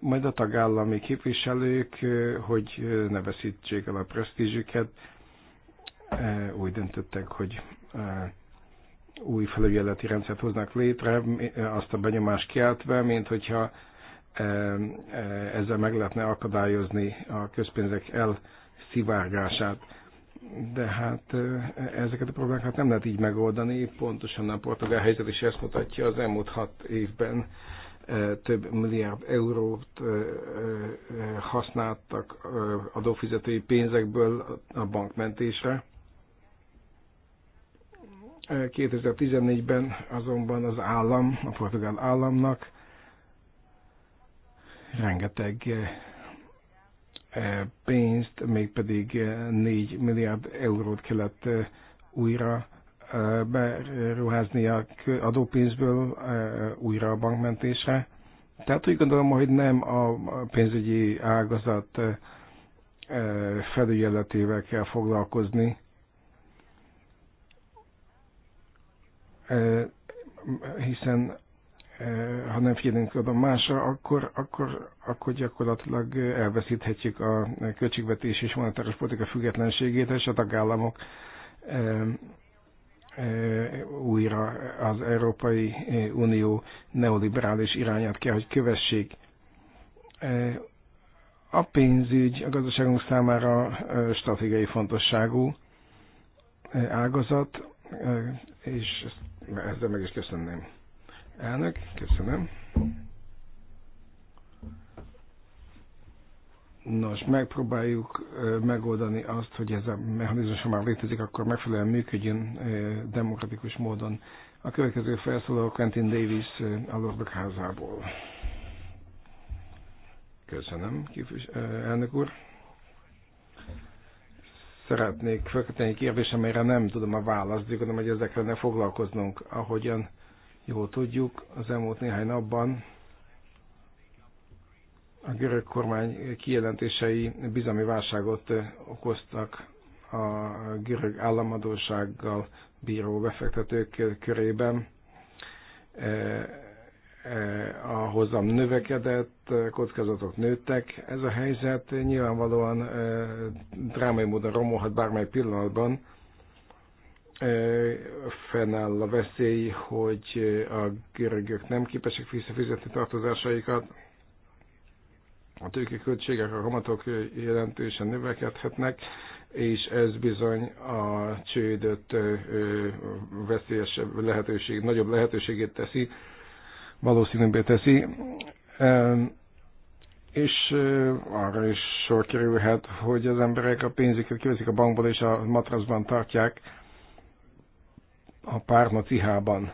Speaker 2: majd a tagállami képviselők, hogy ne veszítsék el a presztízsüket, úgy döntöttek, hogy új felügyeleti rendszert hoznak létre, azt a benyomást kiáltva, mint hogyha e, e, ezzel meg lehetne akadályozni a közpénzek elszivárgását. De hát e, ezeket a problémákat nem lehet így megoldani, pontosan a portugál helyzet is ezt mutatja az elmúlt hat évben több milliárd eurót használtak adófizetői pénzekből a bankmentésre 2014-ben azonban az állam, a portugál államnak rengeteg eh, eh, pénzt, mégpedig 4 eh, milliárd eurót kellett újra beruházni a adópénzből újra a bankmentésre. Tehát úgy gondolom, hogy nem a pénzügyi ágazat felügyeletével kell foglalkozni, hiszen ha nem figyelünk oda másra, akkor, akkor, akkor gyakorlatilag elveszíthetjük a költségvetés és monetáros politika függetlenségét, és a tagállamok újra az Európai Unió neoliberális irányát kell, hogy kövessék. A pénzügy a gazdaságunk számára stratégiai fontosságú ágazat, és ezt ezzel meg is köszönném. Elnök, köszönöm. Nos, megpróbáljuk megoldani azt, hogy ez a mechanizmus, ha már létezik, akkor megfelelően működjön demokratikus módon. A következő felszóló Quentin Davis a Lordok házából. Köszönöm, elnök úr szeretnék feltenni egy kérdés, amire nem tudom a választ, de gondolom, hogy ezekre ne foglalkoznunk. Ahogyan jól tudjuk, az elmúlt néhány napban a görög kormány kijelentései bizalmi válságot okoztak a görög államadósággal bíró befektetők körében Eh, a hozam növekedett, kockázatok nőttek. Ez a helyzet nyilvánvalóan eh, drámai módon romolhat bármely pillanatban. Eh, fennáll a veszély, hogy a görögök nem képesek visszafizetni tartozásaikat. A tőkeköltségek, a kamatok jelentősen növekedhetnek, és ez bizony a csődöt veszélyesebb lehetőség, nagyobb lehetőségét teszi, valószínűbbé teszi, és arra is sor kerülhet, hogy az emberek a pénzüket kiveszik a bankból és a matraszban tartják a párna cihában.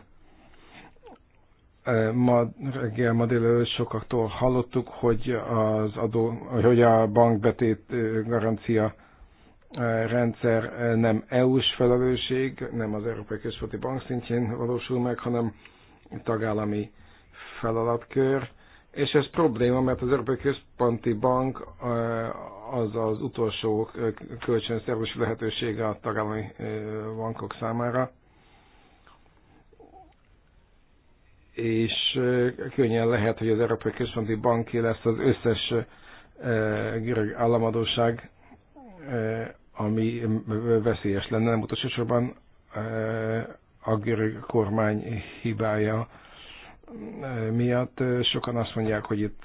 Speaker 2: Ma reggel, ma délelőtt sokaktól hallottuk, hogy, az adó, hogy a bankbetét garancia rendszer nem EU-s felelősség, nem az Európai Központi Bank szintjén valósul meg, hanem tagállami feladatkör, és ez probléma, mert az Európai Központi Bank az az utolsó kölcsönszervés lehetősége a tagállami bankok számára, és könnyen lehet, hogy az Európai Központi banki lesz az összes görög államadóság, ami veszélyes lenne, nem utolsó sorban a görög kormány hibája, miatt sokan azt mondják, hogy itt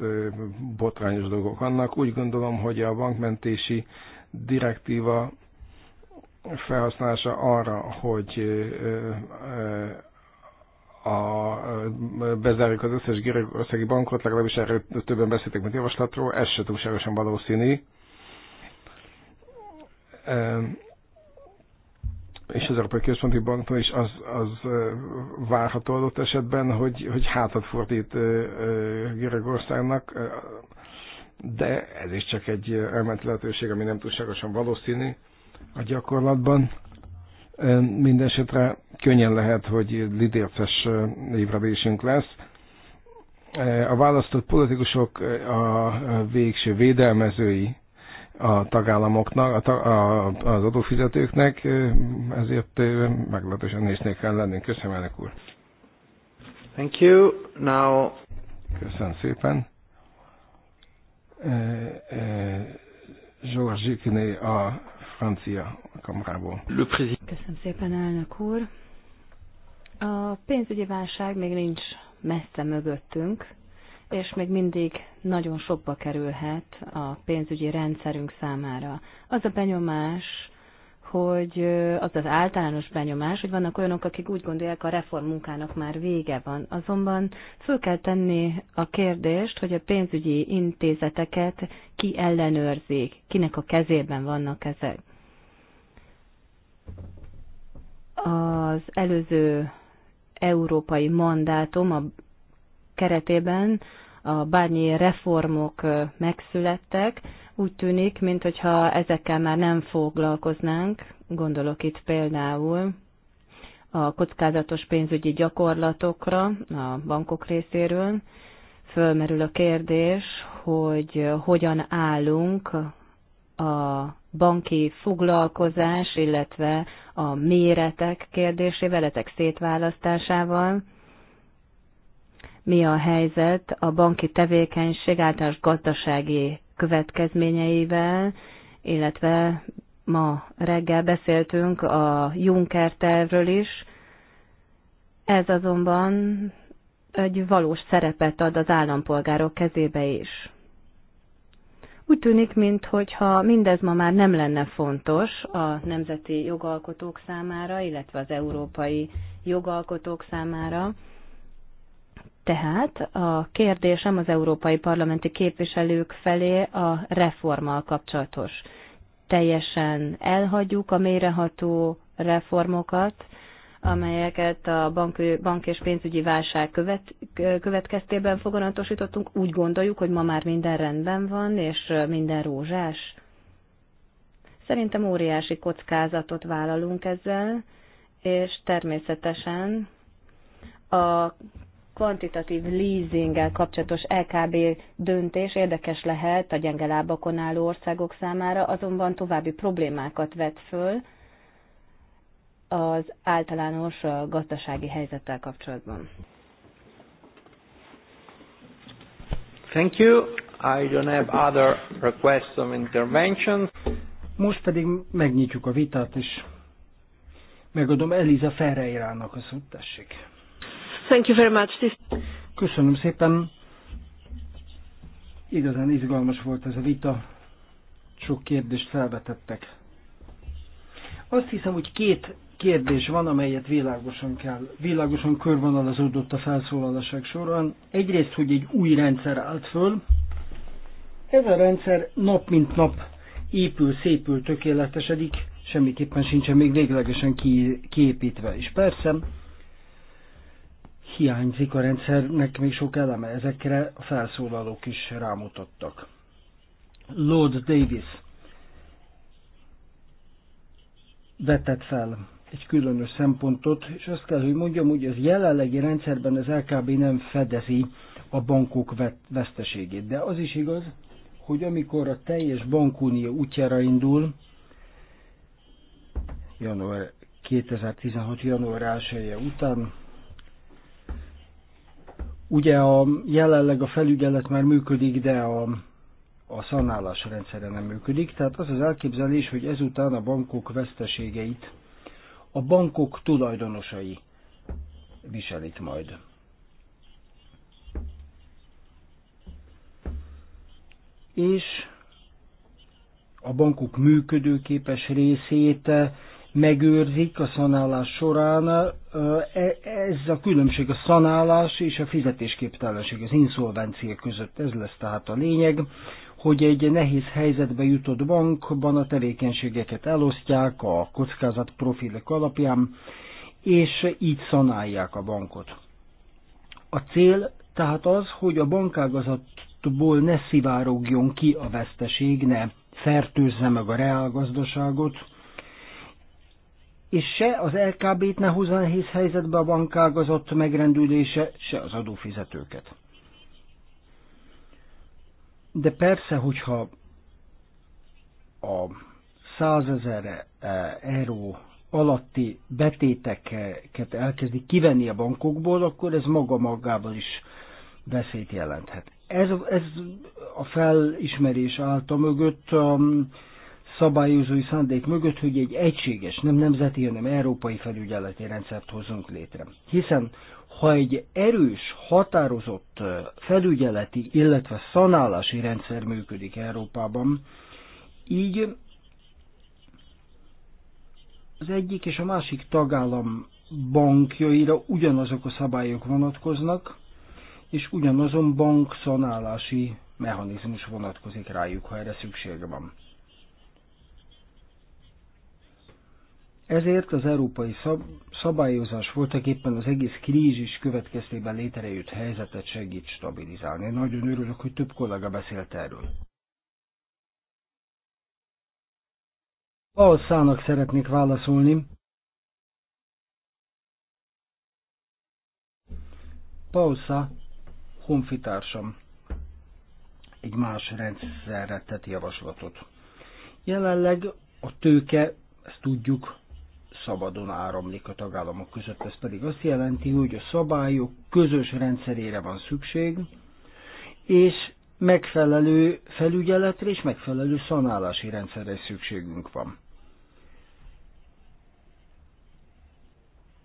Speaker 2: botrányos dolgok vannak. Úgy gondolom, hogy a bankmentési direktíva felhasználása arra, hogy a, bezárjuk az összes görögországi bankot, legalábbis erről többen beszéltek, mint javaslatról, ez se túlságosan valószínű és az Európai Központi Banktól is az, az várható adott esetben, hogy, hogy hátat fordít Görögországnak, de ez is csak egy elment lehetőség, ami nem túlságosan valószínű a gyakorlatban. Mindenesetre könnyen lehet, hogy lidérces évrevésünk lesz. A választott politikusok a végső védelmezői a tagállamoknak, a, a, az adófizetőknek, ezért meglehetősen néznék kell lenni. Köszönöm, elnök úr.
Speaker 1: Thank you. Now...
Speaker 2: Köszönöm szépen. Georges Zsikiné a francia kamrából. Köszönöm szépen, elnök úr.
Speaker 3: A pénzügyi válság még nincs messze mögöttünk, és még mindig nagyon sokba kerülhet a pénzügyi rendszerünk számára. Az a benyomás, hogy az az általános benyomás, hogy vannak olyanok, akik úgy gondolják, a reform munkának már vége van. Azonban föl kell tenni a kérdést, hogy a pénzügyi intézeteket ki ellenőrzik, kinek a kezében vannak ezek. Az előző európai mandátum a keretében a bányi reformok megszülettek, úgy tűnik, mintha ezekkel már nem foglalkoznánk, gondolok itt például a kockázatos pénzügyi gyakorlatokra a bankok részéről. Fölmerül a kérdés, hogy hogyan állunk a banki foglalkozás, illetve a méretek kérdésével, ezek szétválasztásával mi a helyzet a banki tevékenység általános gazdasági következményeivel, illetve ma reggel beszéltünk a Juncker tervről is. Ez azonban egy valós szerepet ad az állampolgárok kezébe is. Úgy tűnik, mintha mindez ma már nem lenne fontos a nemzeti jogalkotók számára, illetve az európai jogalkotók számára. Tehát a kérdésem az európai parlamenti képviselők felé a reformmal kapcsolatos. Teljesen elhagyjuk a méreható reformokat, amelyeket a bank, bank és pénzügyi válság követ, következtében foganatosítottunk. Úgy gondoljuk, hogy ma már minden rendben van, és minden rózsás. Szerintem óriási kockázatot vállalunk ezzel, és természetesen a kvantitatív leasinggel kapcsolatos LKB döntés érdekes lehet a gyenge lábakon álló országok számára, azonban további problémákat vet föl az általános gazdasági helyzettel kapcsolatban.
Speaker 1: Thank you. I don't have other requests of intervention. Most pedig megnyitjuk a vitát, és megadom Eliza Ferreirának a szót, tessék. Thank you very much. Köszönöm szépen. Igazán izgalmas volt ez a vita. Sok kérdést felvetettek. Azt hiszem, hogy két kérdés van, amelyet világosan kell, világosan körvonalazódott a felszólalások során. Egyrészt, hogy egy új rendszer állt föl. Ez a rendszer nap mint nap épül, szépül, tökéletesedik, semmiképpen sincsen még véglegesen kiépítve. És persze, hiányzik a rendszernek még sok eleme, ezekre a felszólalók is rámutattak. Lord Davis vetett fel egy különös szempontot, és azt kell, hogy mondjam, hogy az jelenlegi rendszerben az LKB nem fedezi a bankok veszteségét. De az is igaz, hogy amikor a teljes bankunió útjára indul, január 2016. január 1 után Ugye a, jelenleg a felügyelet már működik, de a, a szanálás rendszere nem működik, tehát az az elképzelés, hogy ezután a bankok veszteségeit a bankok tulajdonosai viselik majd. És a bankok működőképes részét megőrzik a szanálás során. E, ez a különbség a szanálás és a fizetésképtelenség, az inszolvencia között. Ez lesz tehát a lényeg, hogy egy nehéz helyzetbe jutott bankban a tevékenységeket elosztják a kockázat profilek alapján, és így szanálják a bankot. A cél tehát az, hogy a bankágazatból ne szivárogjon ki a veszteség, ne fertőzze meg a reálgazdaságot, és se az LKB-t ne hozza nehéz helyzetbe a bankágazat megrendülése, se az adófizetőket. De persze, hogyha a százezer eh, euró alatti betéteket elkezdi kivenni a bankokból, akkor ez maga magában is veszélyt jelenthet. Ez, ez a felismerés által mögött um, szabályozói szándék mögött, hogy egy egységes, nem nemzeti, hanem európai felügyeleti rendszert hozunk létre. Hiszen ha egy erős, határozott felügyeleti, illetve szanálási rendszer működik Európában, így az egyik és a másik tagállam bankjaira ugyanazok a szabályok vonatkoznak, és ugyanazon bankszanálási mechanizmus vonatkozik rájuk, ha erre szüksége van. Ezért az európai szab szabályozás voltak éppen az egész krízis következtében létrejött helyzetet segít stabilizálni. Nagyon örülök, hogy több kollega beszélt erről. Ahhoz szának szeretnék válaszolni. Pausza, honfitársam, egy más rendszerre tett javaslatot. Jelenleg a tőke, ezt tudjuk, szabadon áramlik a tagállamok között. Ez pedig azt jelenti, hogy a szabályok közös rendszerére van szükség, és megfelelő felügyeletre és megfelelő szanálási rendszerre is szükségünk van.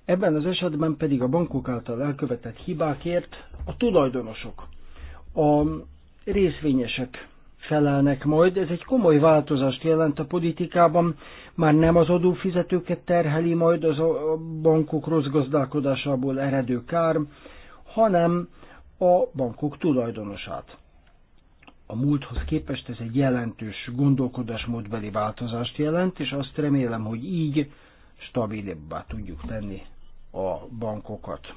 Speaker 1: Ebben az esetben pedig a bankok által elkövetett hibákért a tulajdonosok, a részvényesek felelnek majd. Ez egy komoly változást jelent a politikában, már nem az adófizetőket terheli majd az a bankok rossz gazdálkodásából eredő kár, hanem a bankok tulajdonosát. A múlthoz képest ez egy jelentős gondolkodásmódbeli változást jelent, és azt remélem, hogy így stabilabbá tudjuk tenni a bankokat.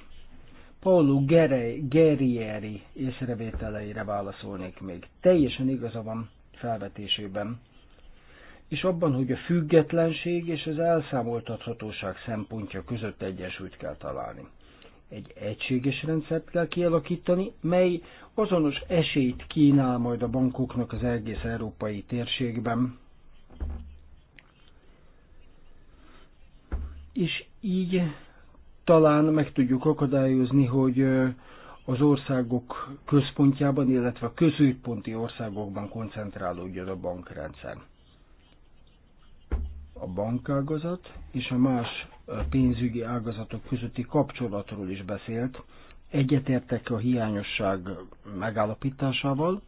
Speaker 1: Paulo Guerrieri észrevételeire válaszolnék még. Teljesen igaza van felvetésében, és abban, hogy a függetlenség és az elszámoltathatóság szempontja között egyensúlyt kell találni. Egy egységes rendszert kell kialakítani, mely azonos esélyt kínál majd a bankoknak az egész európai térségben. És így talán meg tudjuk akadályozni, hogy az országok központjában, illetve a középponti országokban koncentrálódjon a bankrendszer. A bankágazat és a más pénzügyi ágazatok közötti kapcsolatról is beszélt, egyetértek a hiányosság megállapításával,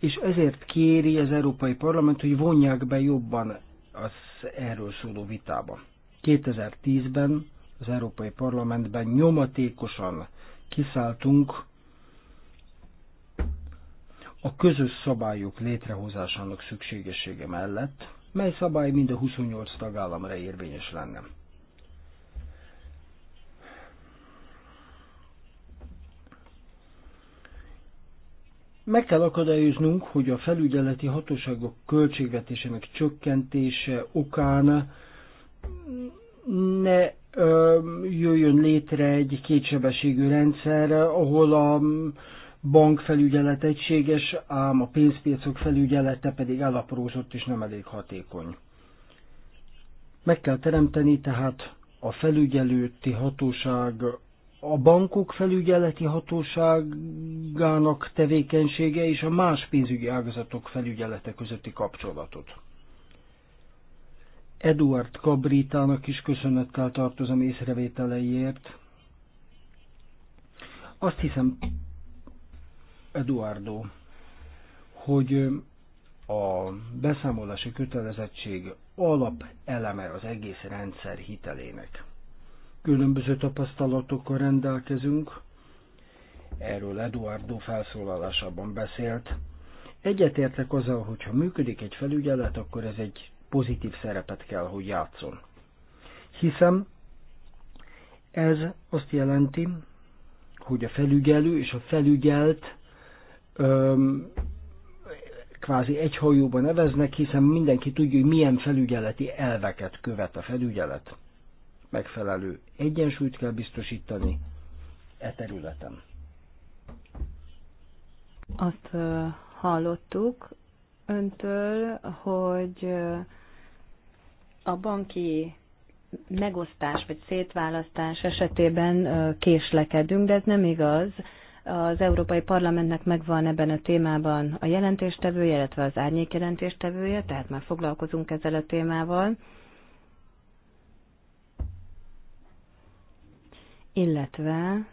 Speaker 1: és ezért kéri az Európai Parlament, hogy vonják be jobban az erről szóló vitába. 2010-ben az Európai Parlamentben nyomatékosan kiszálltunk a közös szabályok létrehozásának szükségessége mellett, mely szabály mind a 28 tagállamra érvényes lenne. Meg kell akadályoznunk, hogy a felügyeleti hatóságok költségvetésének csökkentése okán ne ö, jöjjön létre egy kétsebességű rendszer, ahol a bankfelügyelet egységes, ám a pénzpiacok felügyelete pedig elaprózott és nem elég hatékony. Meg kell teremteni tehát a felügyelőti hatóság, a bankok felügyeleti hatóságának tevékenysége és a más pénzügyi ágazatok felügyelete közötti kapcsolatot. Eduard Kabritának is köszönettel tartozom észrevételeiért. Azt hiszem, Eduardo, hogy a beszámolási kötelezettség alapeleme az egész rendszer hitelének. Különböző tapasztalatokkal rendelkezünk, erről Eduardo felszólalásában beszélt. Egyetértek azzal, ha működik egy felügyelet, akkor ez egy pozitív szerepet kell, hogy játszon. Hiszen ez azt jelenti, hogy a felügyelő és a felügyelt öm, kvázi egy neveznek, hiszen mindenki tudja, hogy milyen felügyeleti elveket követ a felügyelet. Megfelelő egyensúlyt kell biztosítani e területen.
Speaker 3: Azt hallottuk öntől, hogy a banki megosztás vagy szétválasztás esetében késlekedünk, de ez nem igaz. Az Európai Parlamentnek megvan ebben a témában a jelentéstevője, illetve az árnyék jelentéstevője, tehát már foglalkozunk ezzel a témával. Illetve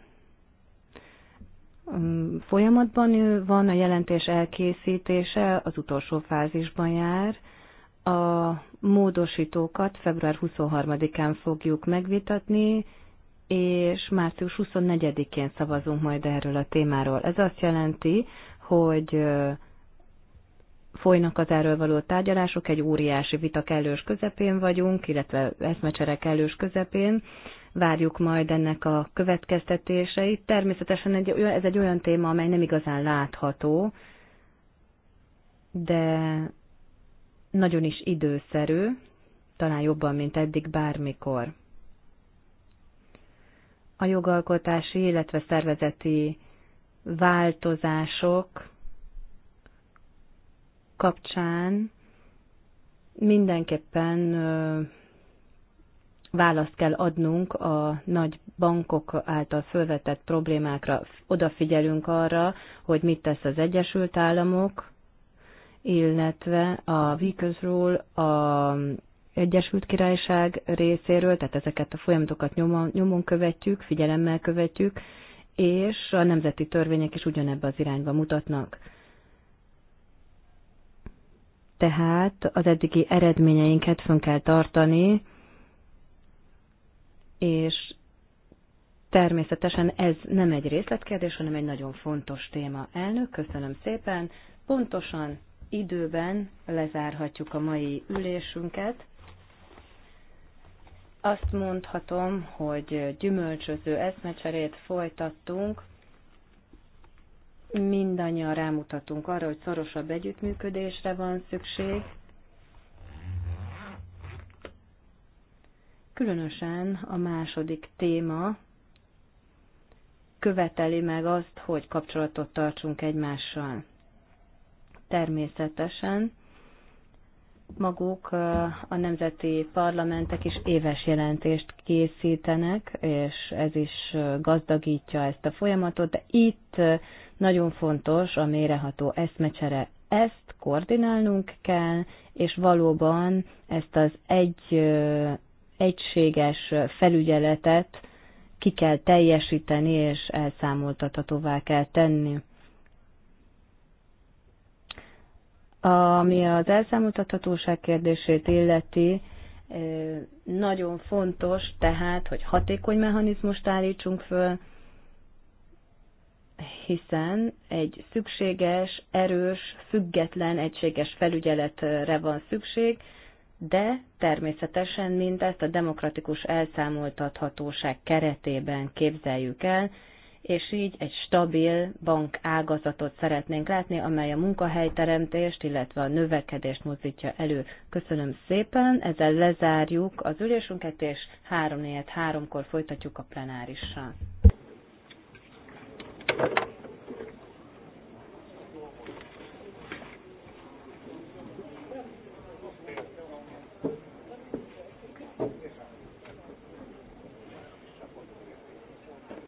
Speaker 3: mm, folyamatban van a jelentés elkészítése, az utolsó fázisban jár, a módosítókat február 23-án fogjuk megvitatni, és március 24-én szavazunk majd erről a témáról. Ez azt jelenti, hogy folynak az erről való tárgyalások, egy óriási vita kellős közepén vagyunk, illetve eszmecsere kellős közepén, várjuk majd ennek a következtetéseit. Természetesen egy, ez egy olyan téma, amely nem igazán látható, de nagyon is időszerű, talán jobban, mint eddig bármikor. A jogalkotási, illetve szervezeti változások kapcsán mindenképpen választ kell adnunk a nagy bankok által fölvetett problémákra. Odafigyelünk arra, hogy mit tesz az Egyesült Államok, illetve a Viközról, a Egyesült Királyság részéről, tehát ezeket a folyamatokat nyomon, nyomon követjük, figyelemmel követjük, és a nemzeti törvények is ugyanebbe az irányba mutatnak. Tehát az eddigi eredményeinket fönn kell tartani, és természetesen ez nem egy részletkérdés, hanem egy nagyon fontos téma. Elnök, köszönöm szépen, pontosan időben lezárhatjuk a mai ülésünket. Azt mondhatom, hogy gyümölcsöző eszmecserét folytattunk, mindannyian rámutatunk arra, hogy szorosabb együttműködésre van szükség, Különösen a második téma követeli meg azt, hogy kapcsolatot tartsunk egymással természetesen maguk a nemzeti parlamentek is éves jelentést készítenek, és ez is gazdagítja ezt a folyamatot, de itt nagyon fontos a méreható eszmecsere. Ezt koordinálnunk kell, és valóban ezt az egy, egységes felügyeletet ki kell teljesíteni, és elszámoltathatóvá kell tenni. Ami az elszámoltathatóság kérdését illeti, nagyon fontos tehát, hogy hatékony mechanizmust állítsunk föl, hiszen egy szükséges, erős, független, egységes felügyeletre van szükség, de természetesen mindezt a demokratikus elszámoltathatóság keretében képzeljük el, és így egy stabil bank ágazatot szeretnénk látni, amely a munkahelyteremtést, illetve a növekedést mozdítja elő. Köszönöm szépen, ezzel lezárjuk az ülésünket, és 3 4 3-kor folytatjuk a plenárissal.